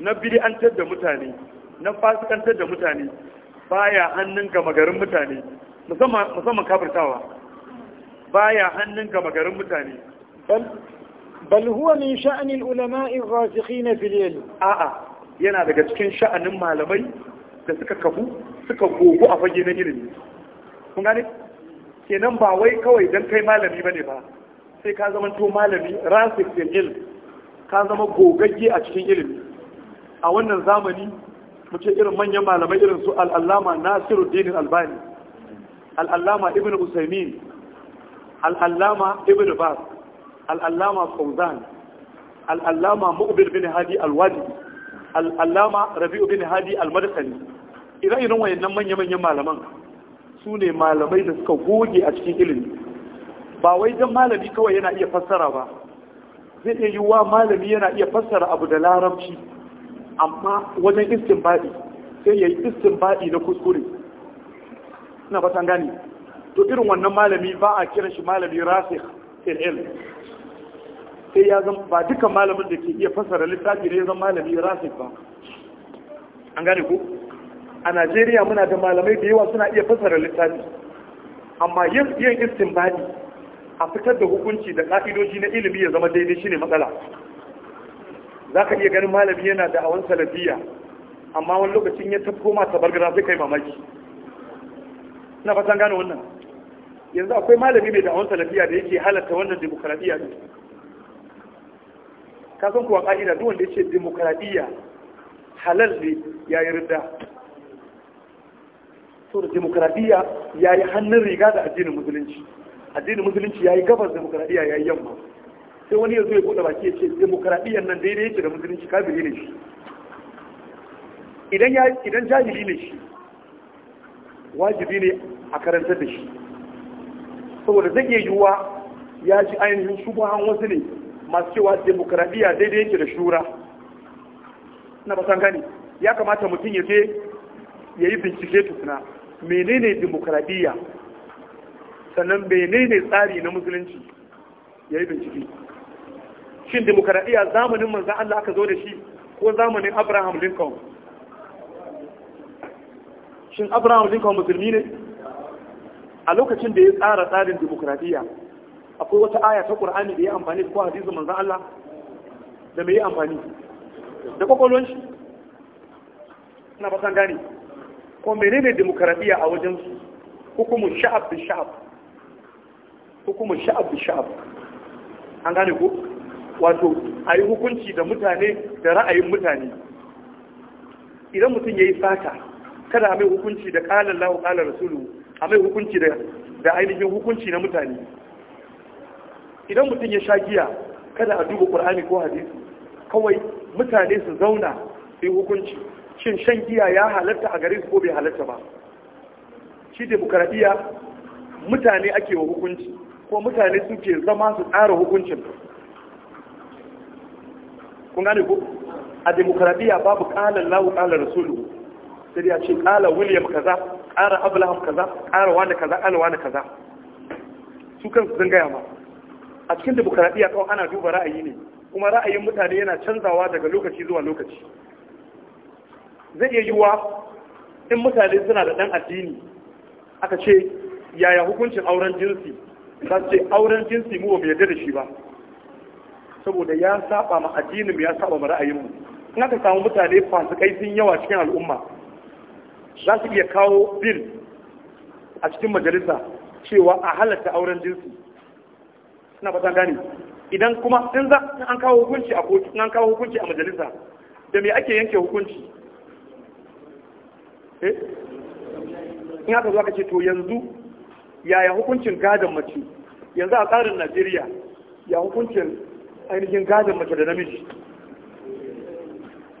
na bid'antar da mutane na fasikantar da mutane baya hannun gama garin mutane musamman kafirtawa baya hannun gama garin mutane bal huwa min sha'anil ulama'i rasikhin fil ilm a'a yana daga cikin sha'anin malamai da suka kafu suka gogo a fage na ilimi kun gane kenan ba wai kawai dan kai malami bane ba sai ka zama to malami rasik fil ilm ka zama gogagge a cikin ilimi a wannan zamani mu ce irin manyan malamai irin su al'allama nasiruddin albani al'allama ibn usaimin al'allama ibn bas al'allama fauzan al'allama mu'bil bin hadi alwadi al'allama rabi'u bin hadi almadkhali Idan irin wayannan manya manyan malaman su ne malamai da suka goge a cikin ilimi ba wai dan malami kawai yana iya fassara ba zai iya yiwuwa malami yana iya fassara abu da larabci amma wajen iskin baɗi sai ya yi iskin baɗi na kuskure ina ba san gane to irin wannan malami ba a kiran shi malami rasikh fil ilm sai ya zama ba dukkan malamin da ke iya fassara littafi ne ya zama malami rasikh ba an gane ku a Najeriya muna da malamai da yawa suna iya fassara littafi amma yin iskin baɗi a fitar da hukunci da ƙa'idoji na ilimi ya zama daidai shine matsala za ka iya ganin malami yana da awon salafiya amma wani lokacin ya koma ta bargara zai kai mamaki ina fasan gane wannan yanzu akwai malami mai da awon salafiya da yake halatta wannan demokradiyya ne ka san kuwa ƙa'ida duk wanda yake demokradiyya halal ne ya yi ridda so da demokradiyya ya yi hannun riga da addinin musulunci addinin musulunci ya yi gabas demokradiyya ya yi yamma sai wani ya zo ya buɗe baki ya ce demokaradiyyar nan daidai yake da musulunci kafiri ne shi idan jahili ne shi wajibi ne a karantar da shi saboda zai iya yiwuwa ya ji ainihin shubuhan wasu ne masu cewa demokaradiyya daidai yake da shura na basan gani ya kamata mutum ya je ya yi bincike tukuna menene demokaradiyya sannan menene tsari na musulunci ya yi bincike shin demokaradiyya zamanin manza Allah aka zo da shi ko zamanin Abraham Lincoln shin Abraham Lincoln musulmi ne a lokacin da ya tsara tsarin demokaradiyya akwai wata aya ta Qur'ani da ya amfani ko hadisi manza Allah da mai amfani da kwakwalwar shi ina ba san gane ko menene demokaradiyya a wajen hukumun sha'ab bi sha'ab hukumun sha'ab bi sha'ab an gane ko wato a yi hukunci da mutane da ra'ayin mutane idan mutum ya yi sata kada a mai hukunci da kalan lahu kalan rasulu a mai hukunci da ainihin hukunci na mutane idan mutum ya sha giya kada a duba ƙur'ani ko hadisi kawai mutane su zauna su yi hukunci shin shan giya ya halatta a gare su ko bai halatta ba shi demokaradiyya mutane ake wa hukunci ko mutane suke zama su tsara hukuncin kun gane ku a demokradiyya babu kala lawu kala rasulu sai ya ce kala william kaza kara abraham kaza kara wani kaza kala wani kaza su kansu su gaya ma a cikin demokradiyya kawai ana duba ra'ayi ne kuma ra'ayin mutane yana canzawa daga lokaci zuwa lokaci zai iya yiwuwa in mutane suna da ɗan addini aka ce yaya hukuncin auren jinsi za su ce auren jinsi mu ba mu yarda da shi ba saboda ya saba ma addinin ya saba ma ra'ayinmu in aka samu mutane fasikai sun yawa cikin al'umma za su iya kawo bil a cikin majalisa cewa a halatta auren jinsi suna fatan gani idan kuma in za an kawo hukunci a kotu in an kawo hukunci a majalisa da me ake yanke hukunci eh in aka zo aka ce to yanzu yaya hukuncin gadon mace yanzu a tsarin Najeriya ya hukuncin ainihin gadon mace da namiji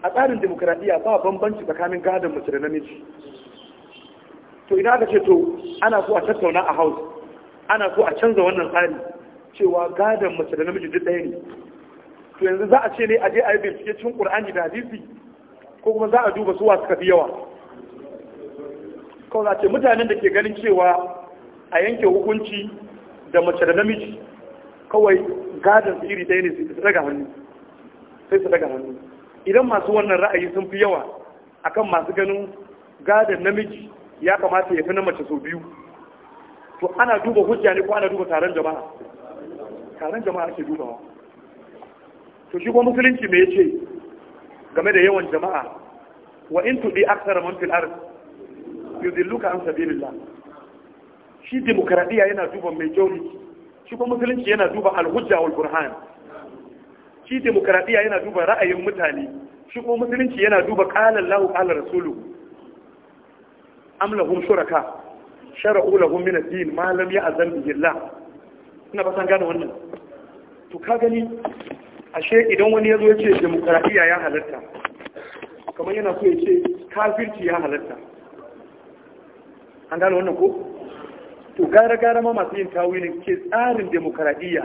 a tsarin demokradiyya ba bambanci tsakanin gadon mace da namiji to ina aka ce to ana so a tattauna a house ana so a canza wannan tsari cewa gadon mace da namiji duk ɗaya ne to yanzu za a ce ne a je a yi bincike cikin ƙur'ani da hadisi ko kuma za a duba su wa suka fi yawa kawai za ce mutanen da ke ganin cewa a yanke hukunci da mace da namiji kawai gadon su iri ɗaya ne su daga hannu sai su daga hannu idan masu wannan ra'ayi sun fi yawa akan masu ganin gadon namiji ya kamata ya fi na mace sau biyu to ana duba hujja ne ko ana duba taron jama'a taron jama'a ake dubawa to shi kuma musulunci me yace game da yawan jama'a wa in tudi aktsara man fil ard yudilluka an sabilillah shi demokradiya yana duba mai jauri shi kuma musulunci yana duba alhujja wal burhan shi demokradiya yana duba ra'ayin mutane shi kuma musulunci yana duba qala lahu qala rasulu amlahum shuraka shara'u lahum min ad-din ma lam ya'zan bihi Allah ina ba san gane wannan to ka gani ashe idan wani yazo yace demokradiya ya halatta kamar yana so yace kafirci ya halatta an gane wannan ko to gara gara ma masu yin tawilin ke tsarin demokaradiyya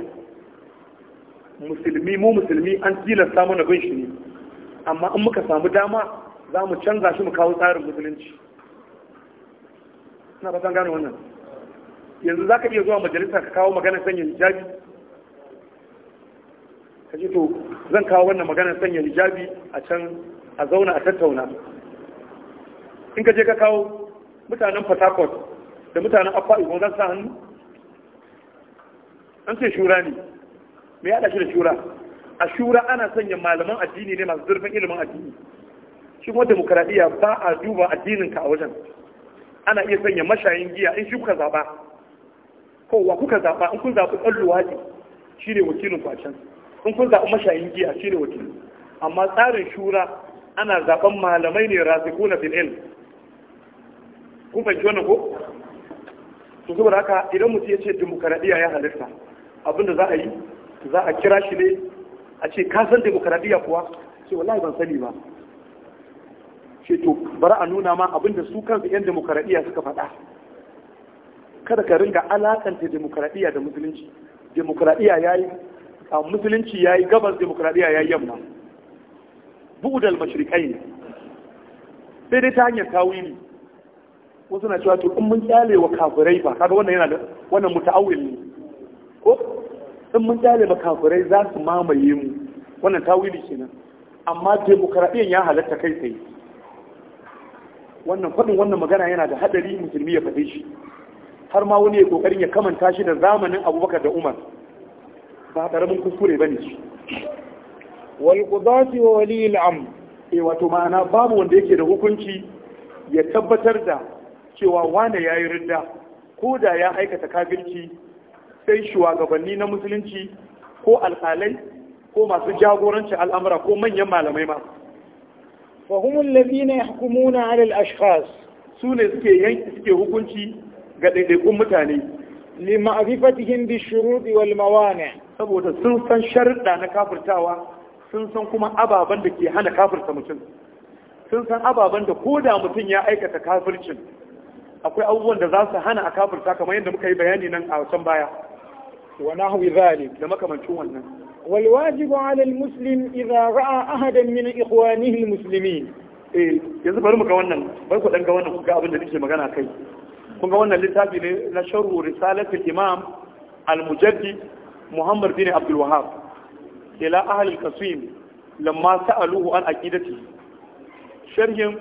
musulmi mu musulmi an tilasta mana bin shi ne amma in muka samu dama za mu canza shi mu kawo tsarin musulunci na fasan gane wannan yanzu za ka iya zuwa majalisa ka kawo maganar sanya hijabi ka ce to zan kawo wannan maganar sanya hijabi a can a zauna a tattauna in ka je ka kawo mutanen port da mutanen afa'i kuma za sa hannu an ce shura ne mai yada shi da shura a shura ana sanya malaman addini ne masu zurfin ilimin addini shi kuma demokaradiyya ba a duba addininka a wajen ana iya sanya mashayin giya in shi kuka zaɓa kowa kuka zaɓa in kun zaɓi ɗan luwaɗi shi ne wakilin kwacen in kun zaɓi mashayin giya shi ne wakilin amma tsarin shura ana zaɓen malamai ne rasikuna fil'il ilm kun fahimci wannan ko to saboda haka idan mutum ya ce demokaradiyya ya halitta abinda za a yi za a kira shi ne a ce ka san demokaradiyya kuwa ce wallahi ban sani ba ce to bari a nuna ma abinda su kansu yan demokaradiyya suka faɗa kada ka ringa alakanta demokaradiyya da musulunci demokaradiyya yi, a musulunci ya yi, gabas demokaradiyya yi yamma bu'dal ne. sai dai ta hanyar tawili wasu na cewa to in mun kyale wa kafirai ba kaga wannan yana da wannan muta'awil ne ko in mun kyale wa kafirai za su mamaye mu wannan tawili kenan amma demokradiyyar ya halatta kai sai. wannan faɗin wannan magana yana da hadari musulmi ya faɗe shi har ma wani ya kokarin ya kamanta shi da zamanin abubakar da umar ba ƙaramin kuskure ba ne shi wal qudati wa wali amr eh wato ma'ana babu wanda yake da hukunci ya tabbatar da cewa wane ya yi ridda ko da ya aikata kafirci sai shugabanni na musulunci ko alkalai ko masu jagoranci al'amura ko manyan malamai ma. fahimun lafina ya hukumuna alal ashkhas su ne suke yanki suke hukunci ga ɗaiɗaikun mutane li ma'afifatihin bi shuruɗi walmawa ne. saboda sun san sharuɗa na kafirtawa sun san kuma ababen da ke hana kafirta mutum sun san ababen da ko da mutum ya aikata kafircin akwai abubuwan da za su hana a kafirta kamar yadda muka yi bayani nan a can baya wa nahwi zalik da makamancin wannan wal wajibu ala al muslim idza ra'a ahadan min ikhwanihi al muslimin eh yanzu bari mu ga wannan bari ku dan ga wannan ku ga abin da nake magana kai kun ga wannan littafi ne na sharhu risalati imam al mujaddid muhammad bin abdul wahhab ila ahli al qasim lamma sa'aluhu an aqidati sharhin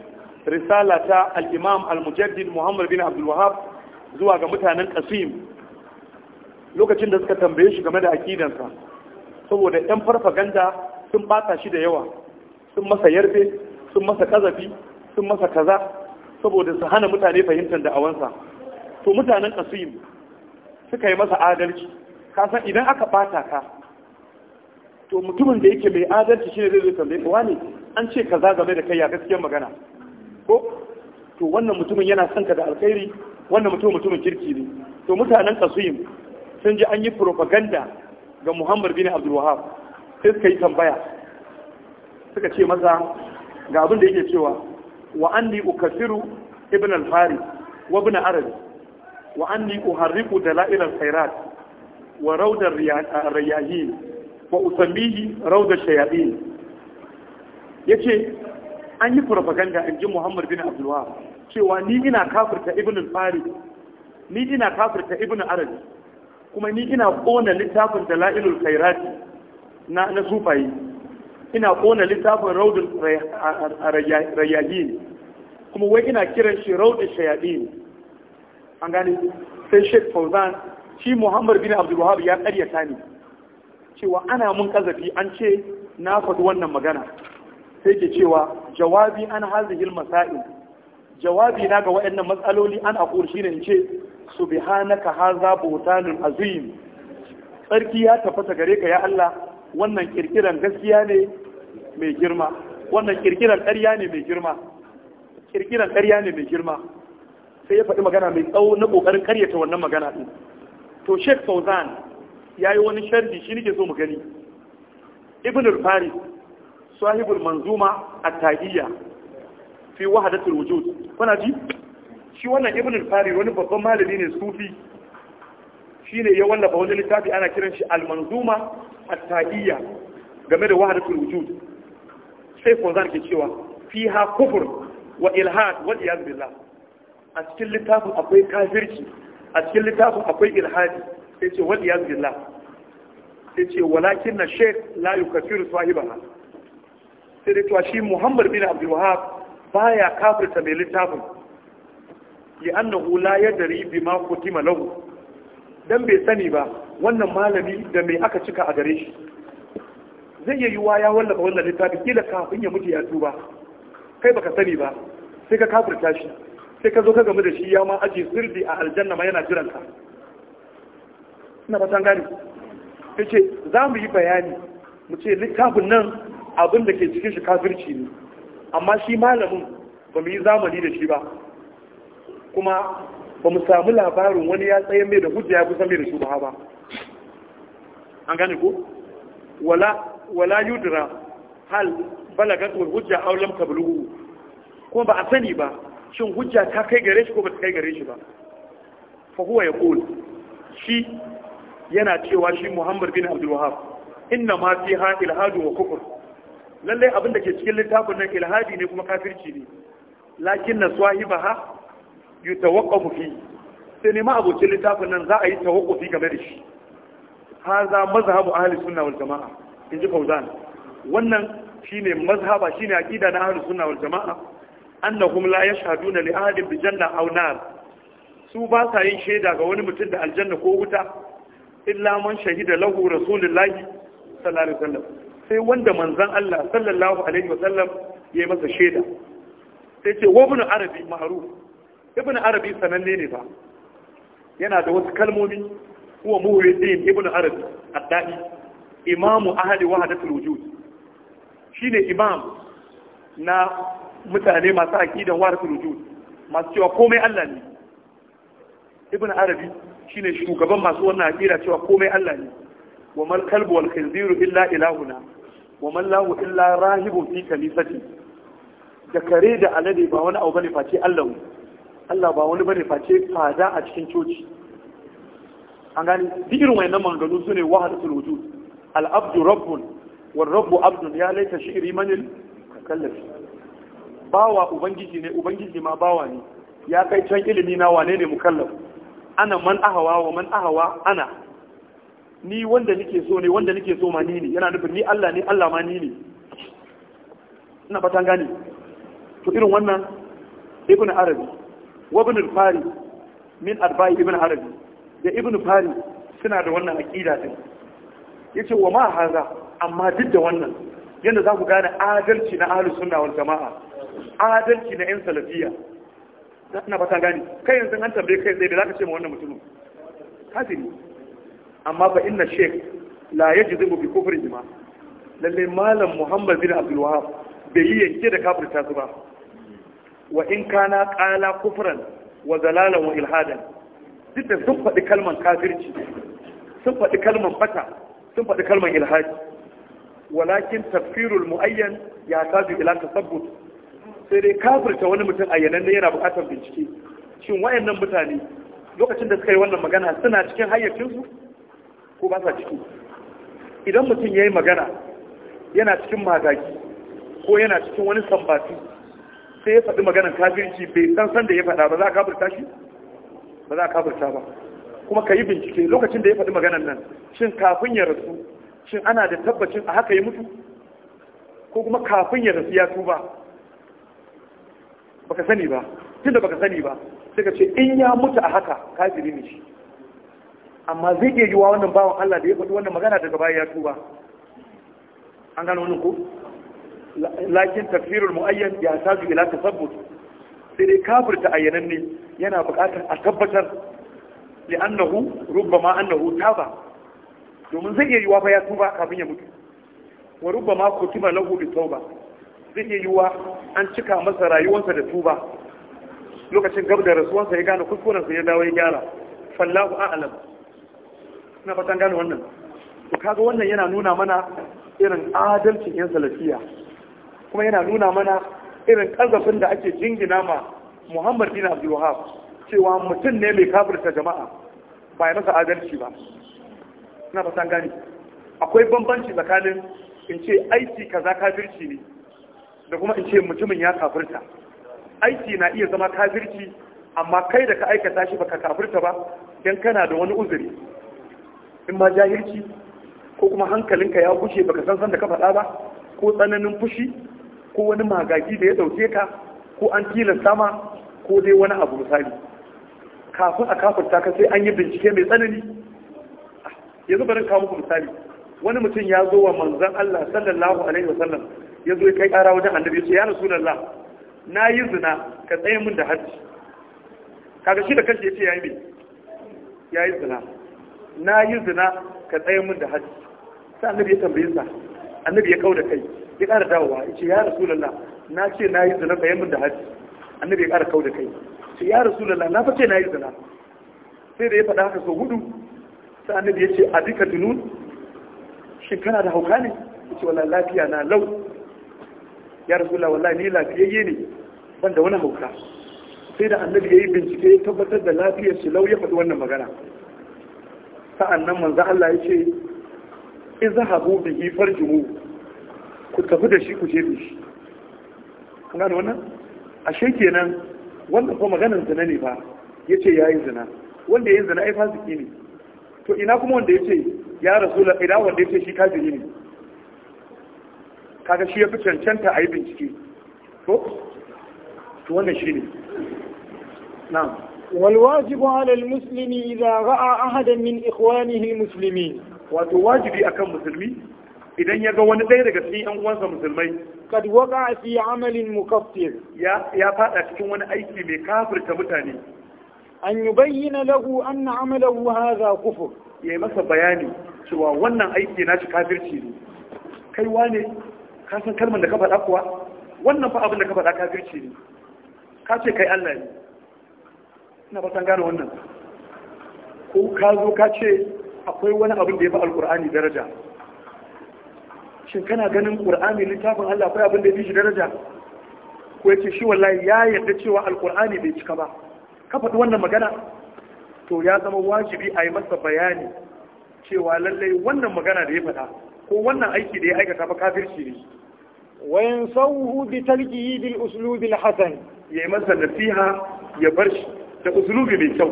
risala ta al-imam al-mujaddid muhammad bin abdul wahab zuwa ga mutanen qasim lokacin da suka tambaye shi game da akidansa saboda yan farfaganda sun bata shi da yawa sun masa yarbe sun masa kazafi sun masa kaza saboda su hana mutane fahimtar da awansa to mutanen qasim suka yi masa adalci kasan idan aka bata ka to mutumin da yake mai adalci shine zai zo tambaye ka wani an ce kaza game da kai ya gaskiyar magana ko to wannan mutumin yana son ka da alkhairi wannan mutumin mutumin kirki ne to mutanen kasuyin sun ji an yi propaganda ga muhammad bin abdul wahab sai suka yi tambaya suka ce maza ga abin da yake cewa wa anni ukathiru ibn al fari wa ibn arabi wa anni uharriqu dala'il al-khairat wa rawd al riyahin wa usammihi rawd al shayatin yace an yi propaganda in ji Muhammad bin Abdullah cewa ni ina kafirta Ibn Fari ni ina kafirta Ibn Arabi kuma ni ina kona littafin Dalailul Khairat na na sufayi ina kona littafin Raudul Rayahin kuma wai ina kiran shi Raudul Shayadin an gane sai Sheikh Fauzan shi Muhammad bin Abdullah ya karyata ni cewa ana mun kazafi an ce na faɗi wannan magana sai ke cewa jawabi an hazihil masail jawabi na ga waɗannan matsaloli an aqul shine in ce subhanaka haza buhtanun azim tsarki ya tafata gare ka ya Allah wannan kirkiran gaskiya ne mai girma wannan kirkiran ƙarya ne mai girma kirkiran ƙarya ne mai girma sai ya faɗi magana mai tsawo na ƙoƙarin ƙaryata wannan magana ɗin to sheikh fauzan ya yi wani shardi shi nake so mu gani ibn al-faris sahibul manzuma at-tahiyya fi wahdatul wujud kuna ji shi wannan ibn al-fari wani babban malami ne sufi shine ya wallafa wani littafi ana kiran shi al-manzuma at-tahiyya game da wahdatul wujud sai Fawzan ke cewa fiha kufur wa ilhad wal iyad billah a cikin littafin akwai kafirci a cikin littafin akwai ilhadi sai ce wal iyad billah sai ce walakin na sheikh la yukaffiru sahibaha sai dai tuwa shi muhammad bin Abdullahi ba ya kafirta mai littafin li hula la yadri mako kutima lahu dan bai sani ba wannan malami da mai aka cika a gare shi zai yi yiwuwa ya wallafa wannan littafin kila kafin ya mutu ya tuba kai baka sani ba sai ka kafirta shi sai ka zo ka gamu da shi ya ma aji sirdi a aljanna ma yana jiran ka ina fatan gani ce za mu yi bayani mu ce littafin nan abin da ke cikin shi kafirci ne amma shi malamin ba mu yi zamani da shi ba kuma ba mu samu labarin wani ya tsaye mai da hujja ya kusa mai da shubaha ba an gane ko wala wala yudra hal balagat wal hujja aw lam tablughu kuma ba a sani ba shin hujja ta kai gare shi ko ba ta kai gare shi ba fa ya yaqul shi yana cewa shi Muhammad bin Abdul Wahhab inna ma fiha ilhadu wa kufr lallai abin da ke cikin littafin nan ilhadi ne kuma kafirci ne lakin na ha, yi yutawaqqafu fi sai ne abokin littafin nan za a yi fi game da shi Ha za mazhabu ahli sunna wal jamaa ji fauzan wannan shine mazhaba shine aqida na ahli sunna wal jamaa annahum la yashhaduna li ahadin bi janna aw nar su ba sa yin shaida ga wani mutum da aljanna ko wuta illa man shahida lahu rasulullahi sallallahu alaihi wasallam sai wanda manzan Allah sallallahu alaihi wasallam ya yi masa shaida sai ce wa ibn arabi maharu ibn arabi sananne ne ba yana da wasu kalmomi huwa muhyiddin ibn arabi daɗi, imamu ahli wahdatul wujud shine imam na mutane masu aqidan wahdatul wujud masu cewa komai Allah ne ibn arabi shine shugaban masu wannan aqida cewa komai Allah ne wa mal kalbu wal khinziru illa ilahuna wa mallahu illa rahibun fi kanisati da kare da alade ba wani abu bane face Allah Allah ba wani bane face fada a cikin coci an gani duk irin wayannan maganganu sune wahadatul wujud al abdu rabbun wal rabbu abdun ya laita shi'ri manil kallafi bawa ubangiji ne ubangiji ma bawa ne ya kai can ilimi na wane ne mukallaf ana man ahawa wa man ahawa ana ni wanda nake so ne wanda nake so ma ni ne yana nufin ni Allah ne Allah ma ni ne ina fatan gani to irin wannan ibn arabi wa ibn fari min arba'i ibn arabi da ibn fari suna da wannan aqida din yace wa ma haza amma duk da wannan yanda za ku gane adalci na ahlus sunna wal jama'a adalci na yan salafiya. ina fatan gani kai yanzu an tambaye kai sai da zaka ce ma wannan mutumin kafiri amma fa inna sheikh la yajzibu bi kufrin jima lalle malam muhammad bin abdul wahab bai yi yanke da kafirta su ba wa in kana qala kufran wa zalalan wa ilhadan duk sun faɗi kalman kafirci sun faɗi kalman fata, sun faɗi kalman ilhadi walakin tafsirul muayyan ya tazu ila tasabbut sai dai kafirta wani mutum ayyanan ne yana buƙatar bincike shin wayannan mutane lokacin da suka yi wannan magana suna cikin hayyacinsu ko ba sa ciki idan mutum ya yi magana yana cikin magaji, ko yana cikin wani sambati sai ya faɗi maganan kafirci bai san san da ya faɗa ba za a kafirta shi ba za a kafirta ba kuma ka yi bincike lokacin da ya faɗi maganar nan shin kafin ya rasu shin ana da tabbacin a haka ya mutu ko kuma kafin ya rasu ya tuba baka sani ba tunda baka sani ba sai ka ce in ya mutu a haka kafiri ne shi amma zai iya yiwa wannan bawan Allah da ya faɗi wannan magana daga baya ya tuba an gano wani ko lakin tafsirul muayyan ya saju ila tasabbut sai dai kafirta ayyanan ne yana buƙatar a tabbatar annahu rubbama annahu taba domin zai iya yiwa fa ya tuba kafin ya mutu wa rubbama kutiba lahu bi tauba zai iya yiwa an cika masa rayuwarsa da tuba lokacin gab da rasuwarsa ya gane kuskurensa ya dawo ya gyara fallahu a'lam na fatan gane wannan to kaga wannan yana nuna mana irin adalcin yan salafiya kuma yana nuna mana irin kazafin da ake jingina ma Muhammad bin Abdul Wahhab cewa mutum ne mai kafirta jama'a ba ya masa adalci ba na fatan gane akwai bambanci tsakanin in ce aiki kaza kafirci ne da kuma in ce mutumin ya kafirta aiki na iya zama kafirci amma kai da ka aikata shi baka kafirta ba dan kana da wani uzuri in ma jahilci ko kuma hankalinka ya gushe baka san san da ka faɗa ba ko tsananin fushi ko wani magagi da ya ɗauke ka ko an tilasta ma ko dai wani abu misali kafin a kafurta ka sai an yi bincike mai tsanani yanzu bari kawo muku misali wani mutum ya zo wa manzon Allah sallallahu alaihi wasallam ya zo ya kai ƙara wajen annabi ya ce ya rasulullah na yi zina ka tsaye min da hajji kaga shi da kanshi ya ce ya yi zina na yi zina ka tsaye min da hajji sai annabi ya tambaye sa annabi ya kau da kai ya ƙara dawowa ya ce ya rasulullah na ce na yi zina tsaye min da hajji annabi ya ƙara kau da kai ce ya rasulullah na fice na yi zina sai da ya faɗa haka sau hudu sai annabi ya ce a duka dunun shin kana da hauka ne ya ce wala lafiya na lau ya rasulullah wallahi ni lafiyayye ne ban da wani hauka sai da annabi ya yi bincike ya tabbatar da lafiyar shi lau ya faɗi wannan magana nan manzan Allah ya ce in izhabu bihi farjuhu ku tafi da shi ku je da shi kun da wannan ashe kenan wanda ko maganar zina ne ba ya ce ya yi zina wanda ya yi zina ai fasiki ne to ina kuma wanda ya ce ya da, ina wanda ya ce shi kafiri ne kaga shi ya fi cancanta a yi bincike to wannan shi ne na'am والواجب على المسلم إذا رأى أحدا من إخوانه المسلمين وتواجبي أكم مسلمي إذا يقوى ندير قسمي أنوانسا مسلمي قد وقع في عمل مكفر يا يا فاتا تكون أيكي مكافر تمتاني أن يبين له أن عمله هذا كفر يا مسا بياني cewa wannan aiki na shi kafirci ne kai wane ka san kalmar da ka faɗa kuwa wannan fa abin da ka faɗa kafirci ne ka ce kai Allah ne na ba gane wannan ko ka zo ka ce akwai wani abin da ya fi alkur'ani daraja shin kana ganin ƙur'ani littafin Allah akwai abin da ya fi shi daraja ko yace shi wallahi ya yarda cewa alkur'ani bai cika ba ka faɗi wannan magana to ya zama wajibi a yi masa bayani cewa lallai wannan magana da ya faɗa ko wannan aiki da ya aikata ba kafirci ne wayan sauhu bi talqihi bil uslub al hasan ya yi masa nasiha ya bar shi da usulubi mai kyau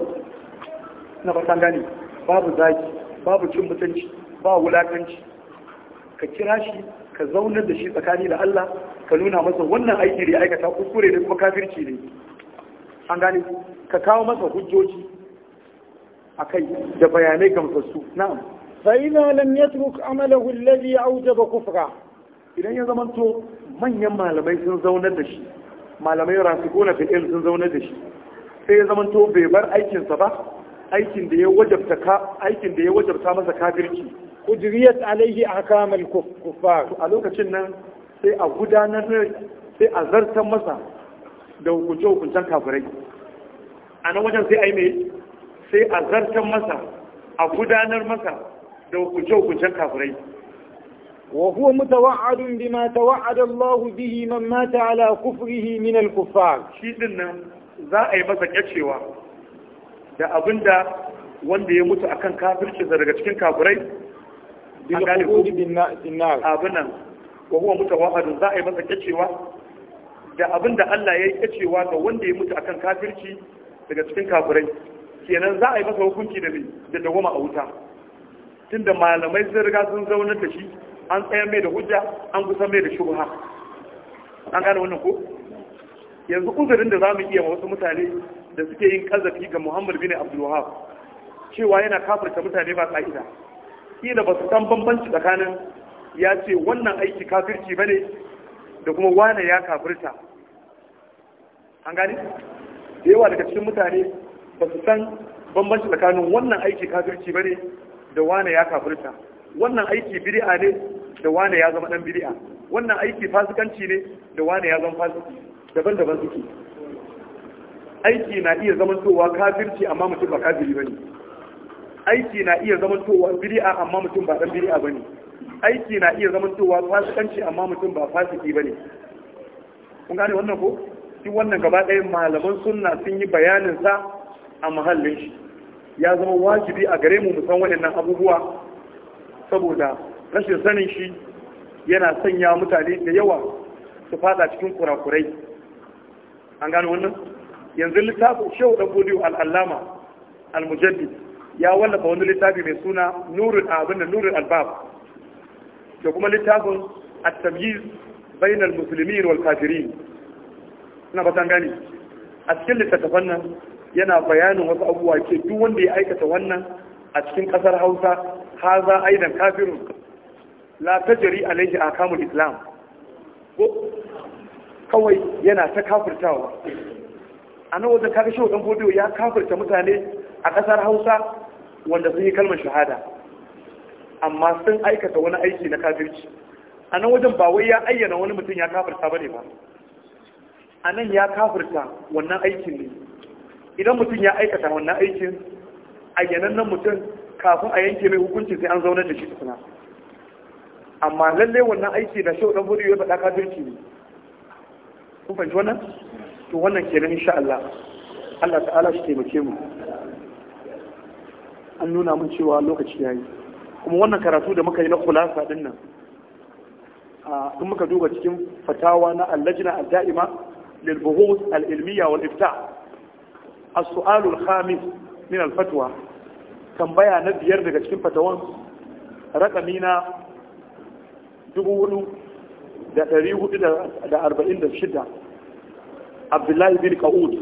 na farkon gani babu zaki babu cin mutunci ba wulakanci ka kira shi ka zaunar da shi tsakani da Allah ka nuna masa wannan aiki da aikata kuskure da kuma kafirci ne an gane ka kawo masa hujjoji a kai da bayanai gamsassu na'am fa idza lam yatruk amalahu alladhi awjaba kufra idan ya zamanto manyan malamai sun zaunar da shi malamai rasikuna fil ilm sun zaunar da shi sai ya zamanto bai bar aikinsa ba aikin da ya wajabta ka aikin da ya wajabta masa kafirci ujriyat alaihi ahkamul kuffar a lokacin nan sai a gudanar sai a zartar masa da hukunce hukuncen kafirai a nan wajen sai a yi mai sai a zartan masa a gudanar masa da hukunce hukuncen kafirai وهو متوعد بما توعد الله به من مات على كفره من الكفار شيء za a yi masa kyacewa da abin da wanda ya mutu akan kafirci daga cikin kafirai an gane abinan wa huwa hadu za a yi masa kyacewa da abin da Allah ya yi kyacewa ga wanda ya mutu akan kafirci daga cikin kafirai kenan za a yi masa hukunci da da dawoma a wuta tunda malamai sun riga sun zauna da shi an tsaya mai da hujja an kusa mai da shubha an gane wannan ko yanzu uzurin da za mu iya wasu mutane da suke yin kazafi ga muhammad bin abdulwahab cewa yana kafarta mutane ba ka'ida kila ba su san bambanci tsakanin ya ce wannan aiki kafirci ba ne da kuma wane ya kafirta an gani da yawa daga cikin mutane ba su san bambanci tsakanin wannan aiki kafirci ba ne da wane ya kafirta wannan aiki bid'a ne da wane ya zama dan bid'a wannan aiki fasikanci ne da wane ya zama fasiki daban-daban suke aiki na iya zamantowa kafirci amma mutum ba kafiri ba ne aiki na iya zamantowa biri'a, amma mutum ba dan ba ne. aiki na iya zamantowa fasikanci amma mutum ba fasiki ba ne. kun gane wannan ko shi wannan gaba ɗaya malaman sunna sun yi bayanin sa a mahallin shi ya zama wajibi a gare mu mu san waɗannan abubuwa saboda rashin sanin shi yana sanya mutane da yawa su fada cikin kurakurai an gano wannan yanzu littafin shehu dan godiyo al-allama al-mujaddid ya wallafa wani littafi mai suna nurul abin da nurul albab da kuma littafin at-tamyiz bainal muslimin wal kafirin ina ba san gani a cikin littafin nan yana bayanin wasu abubuwa ke duk wanda ya aikata wannan a cikin kasar Hausa haza aidan kafirun la tajri alaihi akamul islam kawai yana ta kafirtawa a nan wajen kaga shehu dan bodiyo ya kafirta mutane a ƙasar hausa wanda sun yi kalmar shahada amma sun aikata wani aiki na kafirci a nan wajen ba wai ya ayyana wani mutum ya kafirta ba ne ba a nan ya kafirta wannan aikin ne idan mutum ya aikata wannan aikin nan mutum kafin a yanke mai hukunci sai an zaunar da shi tukuna amma lallai wannan aiki na shehu dan bodiyo ya faɗa kafirci ne kun fahimci wannan to wannan kenan insha Allah Allah ta'ala shi taimake mu an nuna mun cewa lokaci yayi kuma wannan karatu da muka yi na kulasa din nan in muka duba cikin fatawa na allajina al-da'ima lil buhus al-ilmiya wal ifta as-su'al al-khamis min al-fatwa tambaya na biyar daga cikin fatawan rakami na dubu hudu da ɗari da arba'in da abdullahi bin ka'ud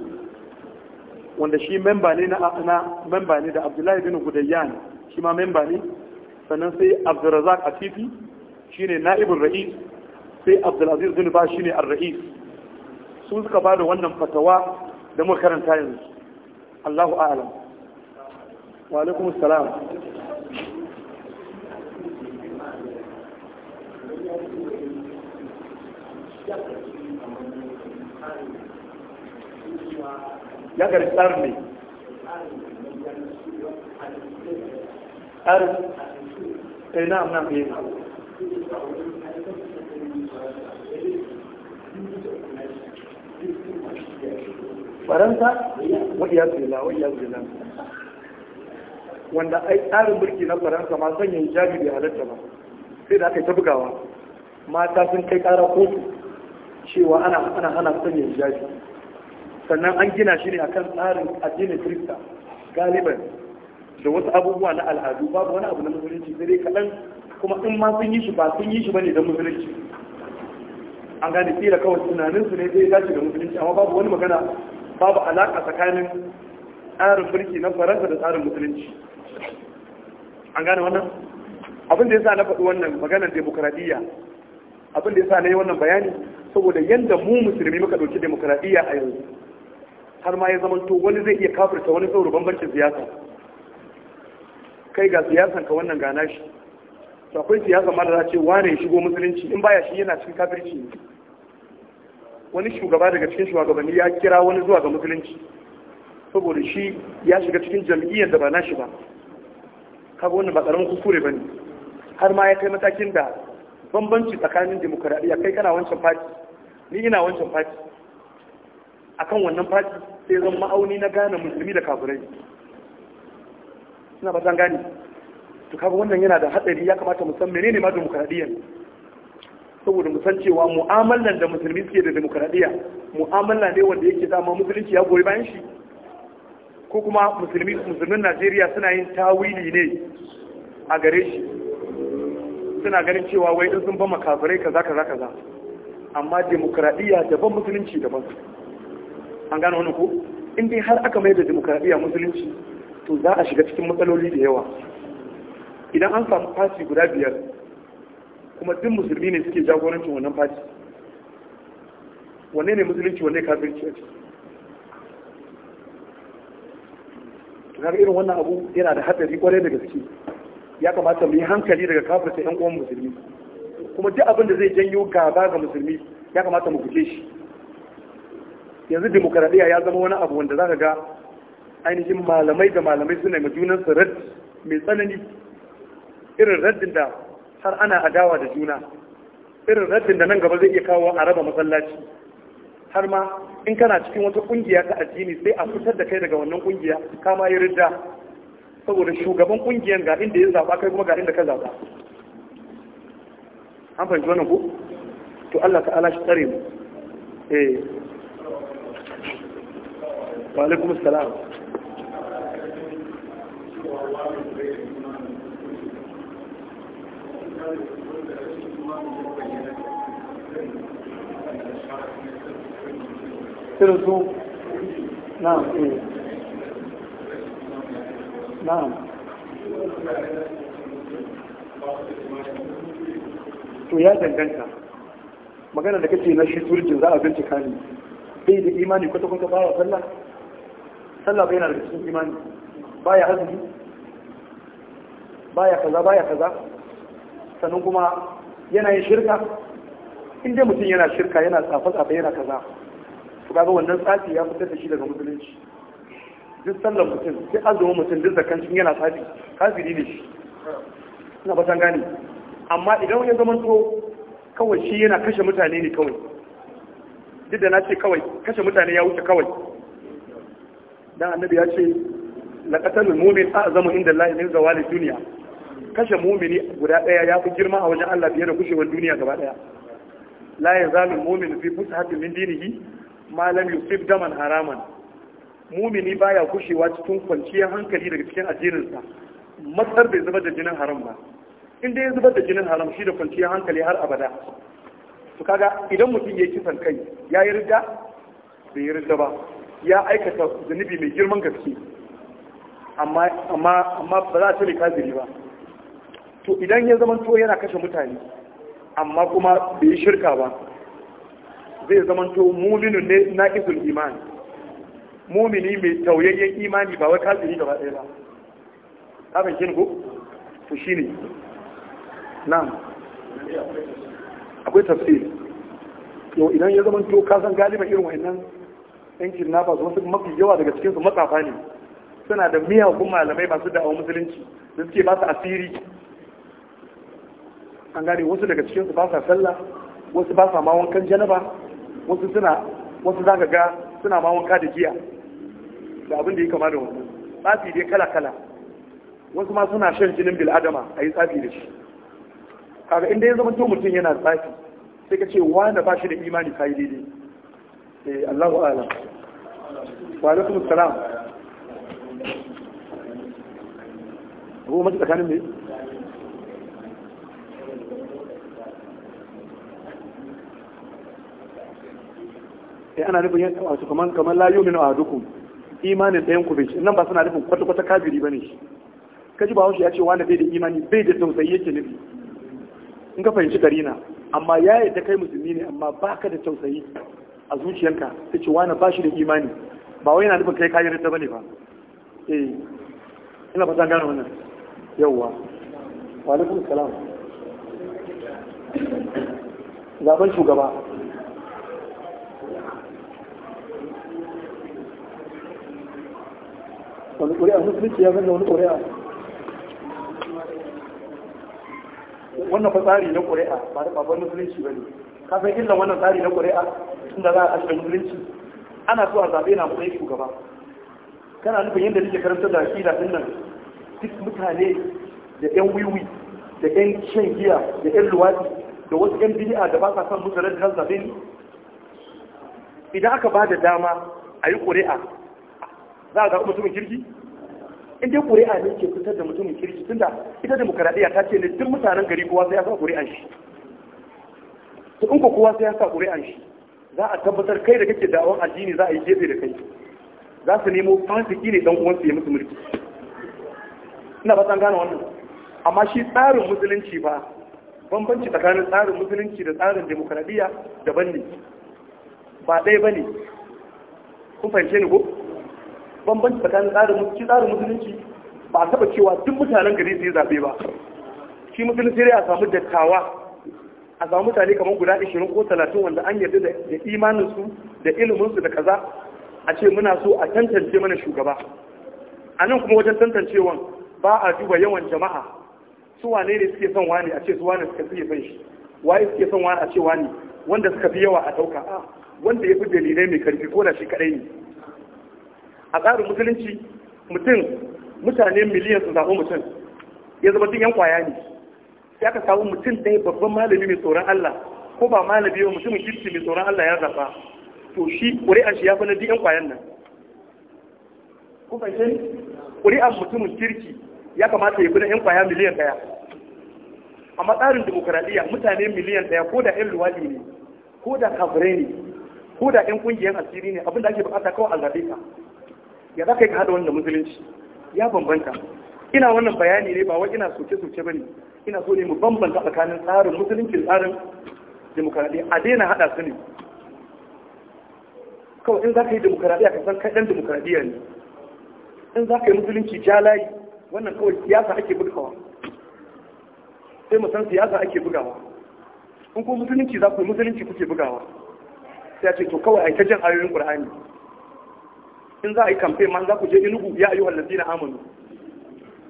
wanda shi memba ne na memba ne da abdullahi bin gudayyan shi ma memba ne sannan sai abdurrazak atifi shine na'ibul ra'is sai abdulaziz bin ba shine ar-ra'is su suka ba da wannan fatawa da muka karanta yanzu Allahu a'lam wa alaikum ya gari tsarin ne tsarin ɗaya eh, na amna mai eh. faransa wadda zila ya zila wanda ai tsarin mulki na faransa ma sanya hijabi bai halatta ba sai da aka yi ta bugawa mata sun kai kara kotu cewa ana hana sanya hijabi sannan an gina shi ne akan tsarin addinin kirista galiban da wasu abubuwa na al'adu babu wani abu na musulunci sai dai kaɗan kuma in ma sun yi shi ba sun yi shi bane don musulunci an gane tsira kawai tunaninsu ne zai dace da musulunci amma babu wani magana babu alaƙa tsakanin tsarin mulki na faransa da tsarin musulunci an gane wannan abin da ya sa na faɗi wannan maganar demokradiyya abin da ya sa na yi wannan bayani saboda yadda mu musulmi muka ɗauki demokradiyya a yanzu har ma ya zamanta wani zai iya kafirta wani tsoro bambancin siyasa kai ga siyasan ka wannan gana shi to akwai siyasa mara za ce wane ya shigo musulunci in baya shi yana cikin kafirci ne wani shugaba daga cikin shugabanni ya kira wani zuwa ga musulunci saboda shi ya shiga cikin jam'iyyar da ba shi ba kaga wannan ba karamin kuskure bane har ma ya kai matakin da bambanci tsakanin demokradiyya kai kana wancan fati ni ina wancan fati akan wannan fati sai zan ma'auni na gane musulmi da kafirai suna ba gane to kaga wannan yana da hatsari ya kamata mu san menene ma demokradiyya saboda musan cewa mu'amalan da musulmi suke da demokradiyya mu'amala ne wanda yake dama musulunci ya goyi bayan shi ko kuma musulmi musulmin Najeriya suna yin tawili ne a gare shi suna ganin cewa wai in sun ba makafirai kaza kaza kaza amma demokradiyya daban musulunci daban an gano wani ko in dai har aka mai da demokradiyya musulunci to za a shiga cikin matsaloli da yawa idan an samu fati guda biyar kuma duk musulmi ne suke jagorancin wannan fati wanne ne musulunci wanne kafirci a ciki kaga irin wannan abu yana da hatsari kwarai da gaske ya kamata mu yi hankali daga kafirta yan uwan musulmi kuma duk abin da zai janyo gaba ga musulmi ya kamata mu guje shi yanzu demokaradiyya ya zama wani abu wanda za ka ga ainihin malamai da malamai suna ma junan su raddi mai tsanani irin raddin da har ana adawa da juna irin raddin da nan gaba zai iya kawo a raba masallaci har ma in kana cikin wata kungiya ta addini sai a fitar da kai daga wannan kungiya ka ma yi ridda saboda shugaban kungiyan ga inda ya zaba kai kuma ga inda ka zaba an fahimci wannan ko to Allah ta'ala shi tsare mu eh wa alaikum salam سرزو نعم إيه. نعم to ya danganta magana da kake na shi turjin za a bincika ne bai da imani kwata-kwata ba wa sallah sallah bai yana da cikin imani baya azumi baya kaza baya kaza sannan kuma yana yin shirka in dai mutum yana shirka yana tsafa tsafa yana kaza to kaga wannan tsafi ya fitar da shi daga musulunci duk sallar mutum sai azumin mutum duk zakan kancin yana tsafi kafiri ne shi ina fatan gane amma idan ya zama to kawai shi yana kashe mutane ne kawai duk da na ce kawai kashe mutane ya wuce kawai dan annabi ya ce laqatal mu'min a'zamu inda Allah min zawali dunya kashe mu'mini guda daya ya fi girma a wajen Allah fiye da kushewar duniya gaba daya la yazalu mu'min fi fusahati min dinihi ma lam yusib daman haraman mu'mini baya kushewa cikin kwanciyar hankali daga cikin addininsa matsar bai zubar da jinin haram ba in dai ya zubar da jinin haram shi da kwanciyar hankali har abada to kaga idan mutum ya yi kisan kai ya yi rida bai yi rida ba ya aikata zunubi mai girman gaske amma ba za a cire kaziri ba to idan ya zama to yana kashe mutane amma kuma bai yi shirka ba zai zama to muminu ne na isul imani mumini mai tauyayyen imani ba wai kaziri gaba ɗaya ba kafin shi ku, to shi ne nan akwai tafsir yau idan ya zama to kasan galiba irin wa'annan yan kidnappers wasu mafi yawa daga cikinsu matsafa ne suna da miyagun malamai masu da'awar musulunci da suke ba su asiri an gane wasu daga cikinsu ba sa sallah wasu ba sa mawon kan janaba wasu suna wasu za ka ga suna mawon kada da giya da abin da ya kama da wannan tsafi dai kala kala wasu ma suna shan jinin bil'adama a yi tsafi da shi kaga inda ya zama to mutum yana tsafi sai ka ce wanda ba shi da imani ka yi daidai eh Allahu a'lam wa alaikum assalam ko mace tsakanin eh, ana nufin yanka wasu kaman kaman la yuminu ahadukum imanin ɗayan yanku bai nan ba suna nufin kwata kwata kafiri bane shi kaji ba shi ya ce wanda bai da imani bai da tausayi yake nufi in ka fahimci karina amma ya yadda kai musulmi ne amma baka da tausayi a zuciyarka ta ce wani ba shi da imani ba wai yana nufin kai kayan rinta bane ba eh ina fata gane wannan yawwa wa salam zaben shugaba wani ƙuri'a musulunci ya zanga wani ƙuri'a wannan fatsari na ƙuri'a ba da babban musulunci ba ne ka san illan wannan tsari na ƙuri'a inda za a ashe musulunci ana so a zaɓe na kuɗin shugaba kana nufin yadda nake karanta da shi da nan duk mutane da ƴan wiwi da ƴan shan giya da ƴan luwaɗi da wasu ƴan bid'a da ba sa son musu kan zaɓe ne idan aka ba da dama a yi ƙuri'a za a zaɓi mutumin kirki in dai ƙuri'a ne ke fitar da mutumin kirki tunda ita demokaraɗiyya ta ce ne duk mutanen gari kowa sai a sa ƙuri'an shi to in ku kowa sai ya sa ƙuri'an shi za a tabbatar kai da kake da'awar addini za a yi gefe da kai za su nemo fasiki ne dan uwansu ya musu mulki ina ba san gane wannan amma shi tsarin musulunci ba bambanci tsakanin tsarin musulunci da tsarin demokradiyya daban ne ba ɗaya ba ne kun fahimce ni ko bambanci tsakanin tsarin musulunci tsarin musulunci ba a taɓa cewa duk mutanen gari sai yi zaɓe ba shi musulunci sai a samu dattawa a zama mutane kamar guda 20 ko 30 wanda an yarda da imaninsu da iliminsu da kaza a ce muna so a tantance mana shugaba a nan kuma wajen tantancewan ba a duba yawan jama'a su wane ne suke son wani a ce su wane suka fiye son shi waye suke son wani a ce wani wanda suka fi yawa a ɗauka a wanda ya fi dalilai mai karfi ko da shi kadai ne a tsarin musulunci mutum mutane miliyan su zaɓi mutum ya zama duk yan kwaya ne Ya ka samu mutum ɗaya babban malami mai tsoron Allah ko ba malami ba mutumin kirki mai tsoron Allah ya zafa to shi ƙuri'ar shi ya fi na duk 'yan ƙwayan nan ku fahimci ƙuri'ar mutumin kirki ya kamata ya fi na 'yan ƙwaya miliyan ɗaya amma tsarin demokuraɗiyya mutane miliyan ɗaya ko da 'yan luwaɗi ne ko da kafirai ne ko da 'yan ƙungiyar asiri ne abinda ake buƙata kawai a zaɓe ka ya za ka yi ka haɗa wannan musulunci ya bambanta ina wannan bayani ne ba wai ina soke-soke ba ne ina so ne mu bambanta tsakanin tsarin musulunci tsarin demokaradiyya a daina haɗa su ne kawai in za ka yi demokaradiyya ka san kaɗan demokaradiyya ne in za ka yi musulunci ja layi wannan kawai siyasa ake bugawa sai mu san siyasa ake bugawa in ko musulunci za ku yi musulunci kuke bugawa sai a ce to kawai a yi ta jan ayoyin ƙur'ani in za a yi kamfe ma za ku je inugu ya ayyuhal na amanu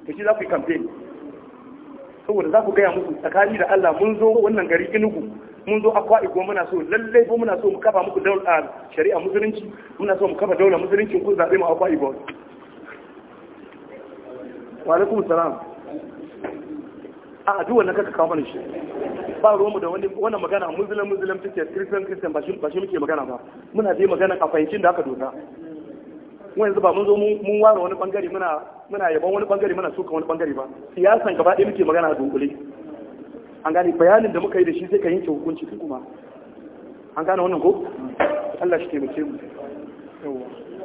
to shi za ku yi kamfe saboda za ku gaya musu tsakani da Allah mun zo wannan gari inugu mun zo akwa igwa muna so lalle ko muna so mu kafa muku daular shari'a musulunci muna so mu kafa daular musulunci ku zabe mu akwa igwa wa alaikum salam a duk wannan kaka kawo mana shi ba mu da wannan magana musulun musulun ticket christian christian ba shi muke magana ba muna dai magana a fahimcin da aka dosa mu yanzu ba mun zo mun ware wani bangare muna muna yabon wani bangare muna suka wani bangare ba siyasan gaba ɗaya muke magana a dunkule an gane bayanin da muka yi da shi sai ka yanke hukunci kuma an gane wannan ko Allah shi taimake mu yawwa